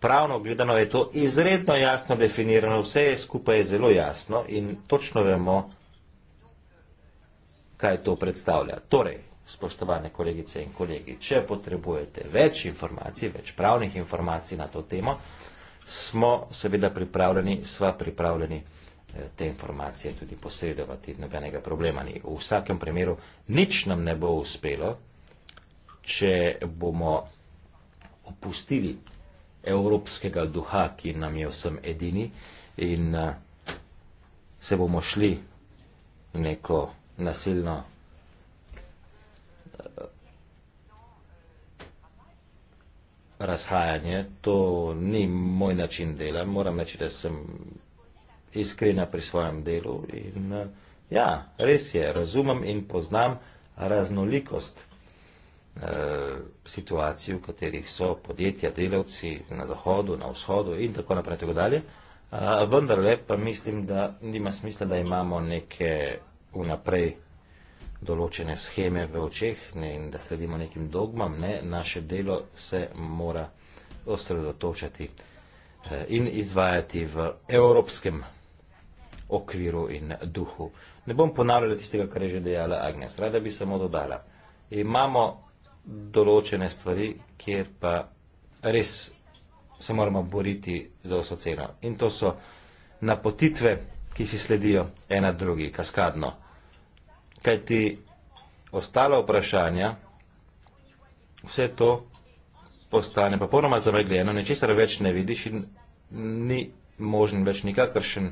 Pravno gledano je to izredno jasno definirano, vse je skupaj zelo jasno in točno vemo, kaj to predstavlja. Torej, spoštovane kolegice in kolegi, če potrebujete več informacij, več pravnih informacij na to temo, smo seveda pripravljeni, sva pripravljeni eh, te informacije tudi posredovati, nobenega problema ni. V vsakem primeru nič nam ne bo uspelo, če bomo opustili evropskega duha, ki nam je vsem edini in uh, se bomo šli neko nasilno eh, razhajanje, to ni moj način dela, moram reči, da sem iskrena pri svojem delu in eh, ja, res je, razumem in poznam raznolikost Eh, situacij, v katerih so podjetja, delavci na zahodu, na vzhodu in tako naprej. Tako dalje, vendar le pa mislim, da nima smisla, da imamo neke vnaprej določene scheme v očeh ne, in da sledimo nekim dogmam. Ne, naše delo se mora osredotočati eh, in izvajati v evropskem okviru in duhu. Ne bom ponavljala tistega, kar je že dejala Agnes. Rada bi samo dodala. Imamo določene stvari, kjer pa res se moramo boriti za vso ceno. In to so napotitve, ki si sledijo ena drugi, kaskadno. Kaj ti ostala vprašanja, vse to postane popolnoma zamegljeno, nečesar več ne vidiš in ni možen več nikakršen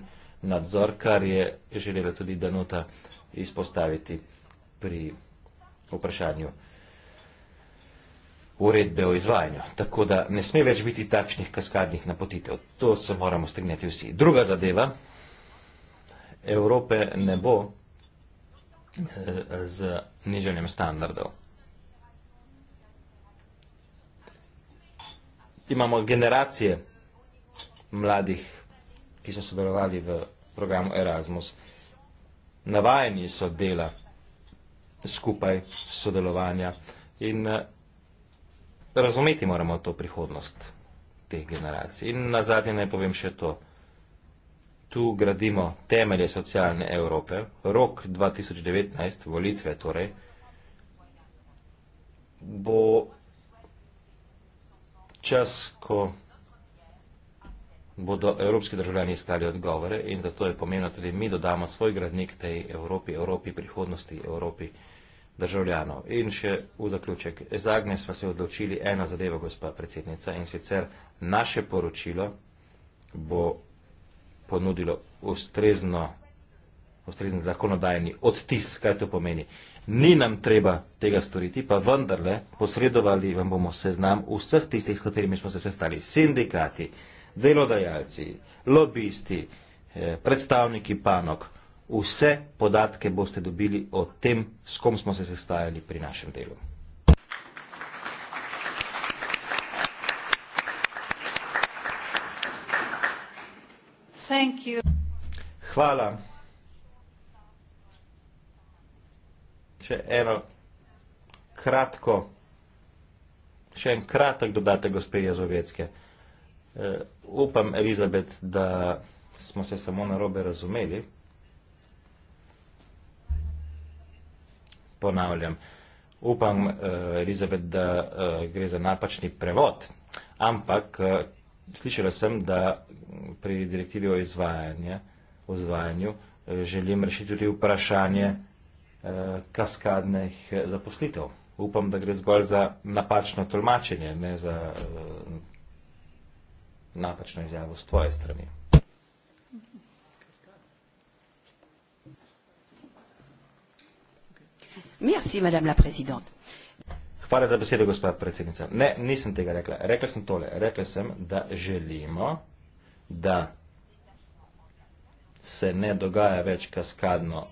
nadzor, kar je želela tudi Danuta izpostaviti pri vprašanju uredbe o izvajanju. Tako da ne sme več biti takšnih kaskadnih napotitev. To se moramo strinjati vsi. Druga zadeva, Evrope ne bo eh, z niženjem standardov. Imamo generacije mladih, ki so sodelovali v programu Erasmus. Navajeni so dela skupaj sodelovanja in eh, razumeti moramo to prihodnost teh generacij. In na zadnje naj povem še to. Tu gradimo temelje socialne Evrope, rok 2019, volitve torej, bo čas, ko bodo evropski državljani iskali odgovore in zato je pomembno tudi mi dodamo svoj gradnik tej Evropi, Evropi prihodnosti, Evropi prihodnosti državljanov. In še v zaključek. Zagnje smo se odločili eno zadevo, gospa predsednica, in sicer naše poročilo bo ponudilo ustrezno, ustrezen zakonodajni odtis, kaj to pomeni. Ni nam treba tega storiti, pa vendarle posredovali vam bomo seznam vseh tistih, s katerimi smo se sestali. Sindikati, delodajalci, lobisti, eh, predstavniki panok, Vse podatke boste dobili o tem, s kom smo se sestajali pri našem delu. Thank you. Hvala. Še eno kratko, še en kratek dodatek gospe Jazovecke. Uh, upam, Elizabet, da smo se samo narobe razumeli. ponavljam, upam, eh, Elizabet, da eh, gre za napačni prevod, ampak eh, slišala sem, da pri direktivi o izvajanju želim rešiti tudi vprašanje kaskadnih zaposlitev. Upam, da gre zgolj za napačno tolmačenje, ne za napačno izjavo s tvoje strani. Madame la Hvala za besedo, gospod predsednica. Ne, nisem tega rekla. Rekla sem tole. Rekla sem, da želimo, da se ne dogaja več kaskadno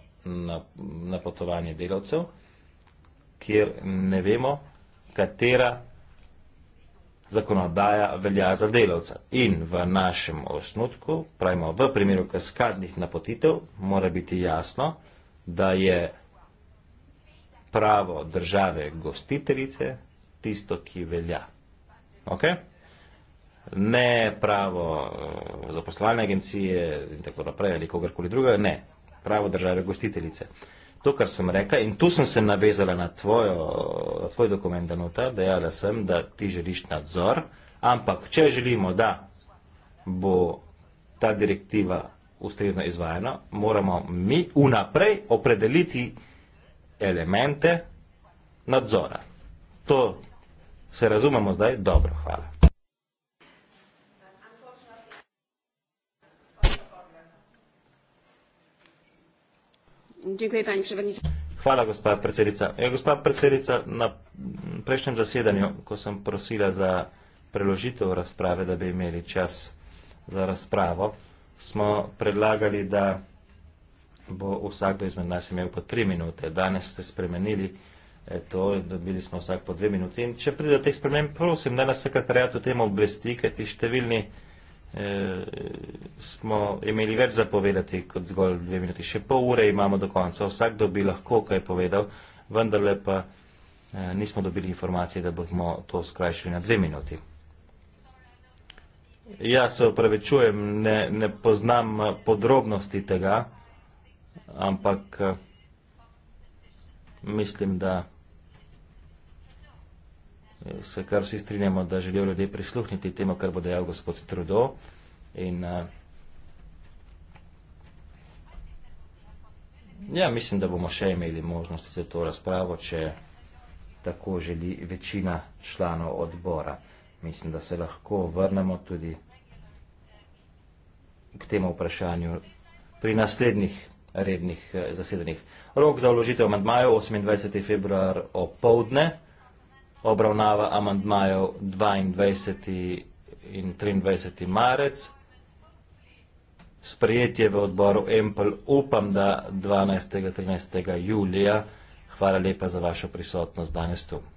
napotovanje na delavcev, kjer ne vemo, katera zakonodaja velja za delavca. In v našem osnutku, pravimo, v primeru kaskadnih napotitev, mora biti jasno, da je pravo države gostiteljice, tisto, ki velja. Okay? Ne pravo eh, zaposlovalne agencije in tako naprej ali kogarkoli drugega, ne. Pravo države gostiteljice. To, kar sem rekla in tu sem se navezala na, tvojo, na tvoj dokument, Danuta, dejala sem, da ti želiš nadzor, ampak če želimo, da bo ta direktiva ustrezno izvajana, moramo mi unaprej opredeliti elemente nadzora. To se razumemo zdaj? Dobro, hvala. Hvala, gospa predsednica. Ja, gospa predsednica, na prejšnjem zasedanju, ko sem prosila za preložitev razprave, da bi imeli čas za razpravo, smo predlagali, da bo vsakdo izmed nas imel po tri minute. Danes ste spremenili eh, to, dobili smo vsak po dve minuti. In če pride do teh sprememb, prosim, da nas sekretarijat o tem obvesti, kajti številni eh, smo imeli več zapovedati kot zgolj dve minuti. Še pol ure imamo do konca. Vsakdo bi lahko kaj povedal, vendarle pa eh, nismo dobili informacije, da bomo to skrajšali na dve minuti. Ja, se opravičujem, ne, ne poznam eh, podrobnosti tega ampak eh, mislim, da se kar vsi strinjamo, da želijo ljudje prisluhniti temu, kar bo dejal gospod Trudo in eh, ja, mislim, da bomo še imeli možnost za to razpravo, če tako želi večina članov odbora. Mislim, da se lahko vrnemo tudi k temu vprašanju pri naslednjih rednih eh, zasedanjih. Rok za vložitev amandmajev 28. februar opoldne, obravnava amandmajev 22. in 23. marec, sprejetje v odboru Empel upam, da 12. in 13. julija. Hvala lepa za vašo prisotnost danes tu.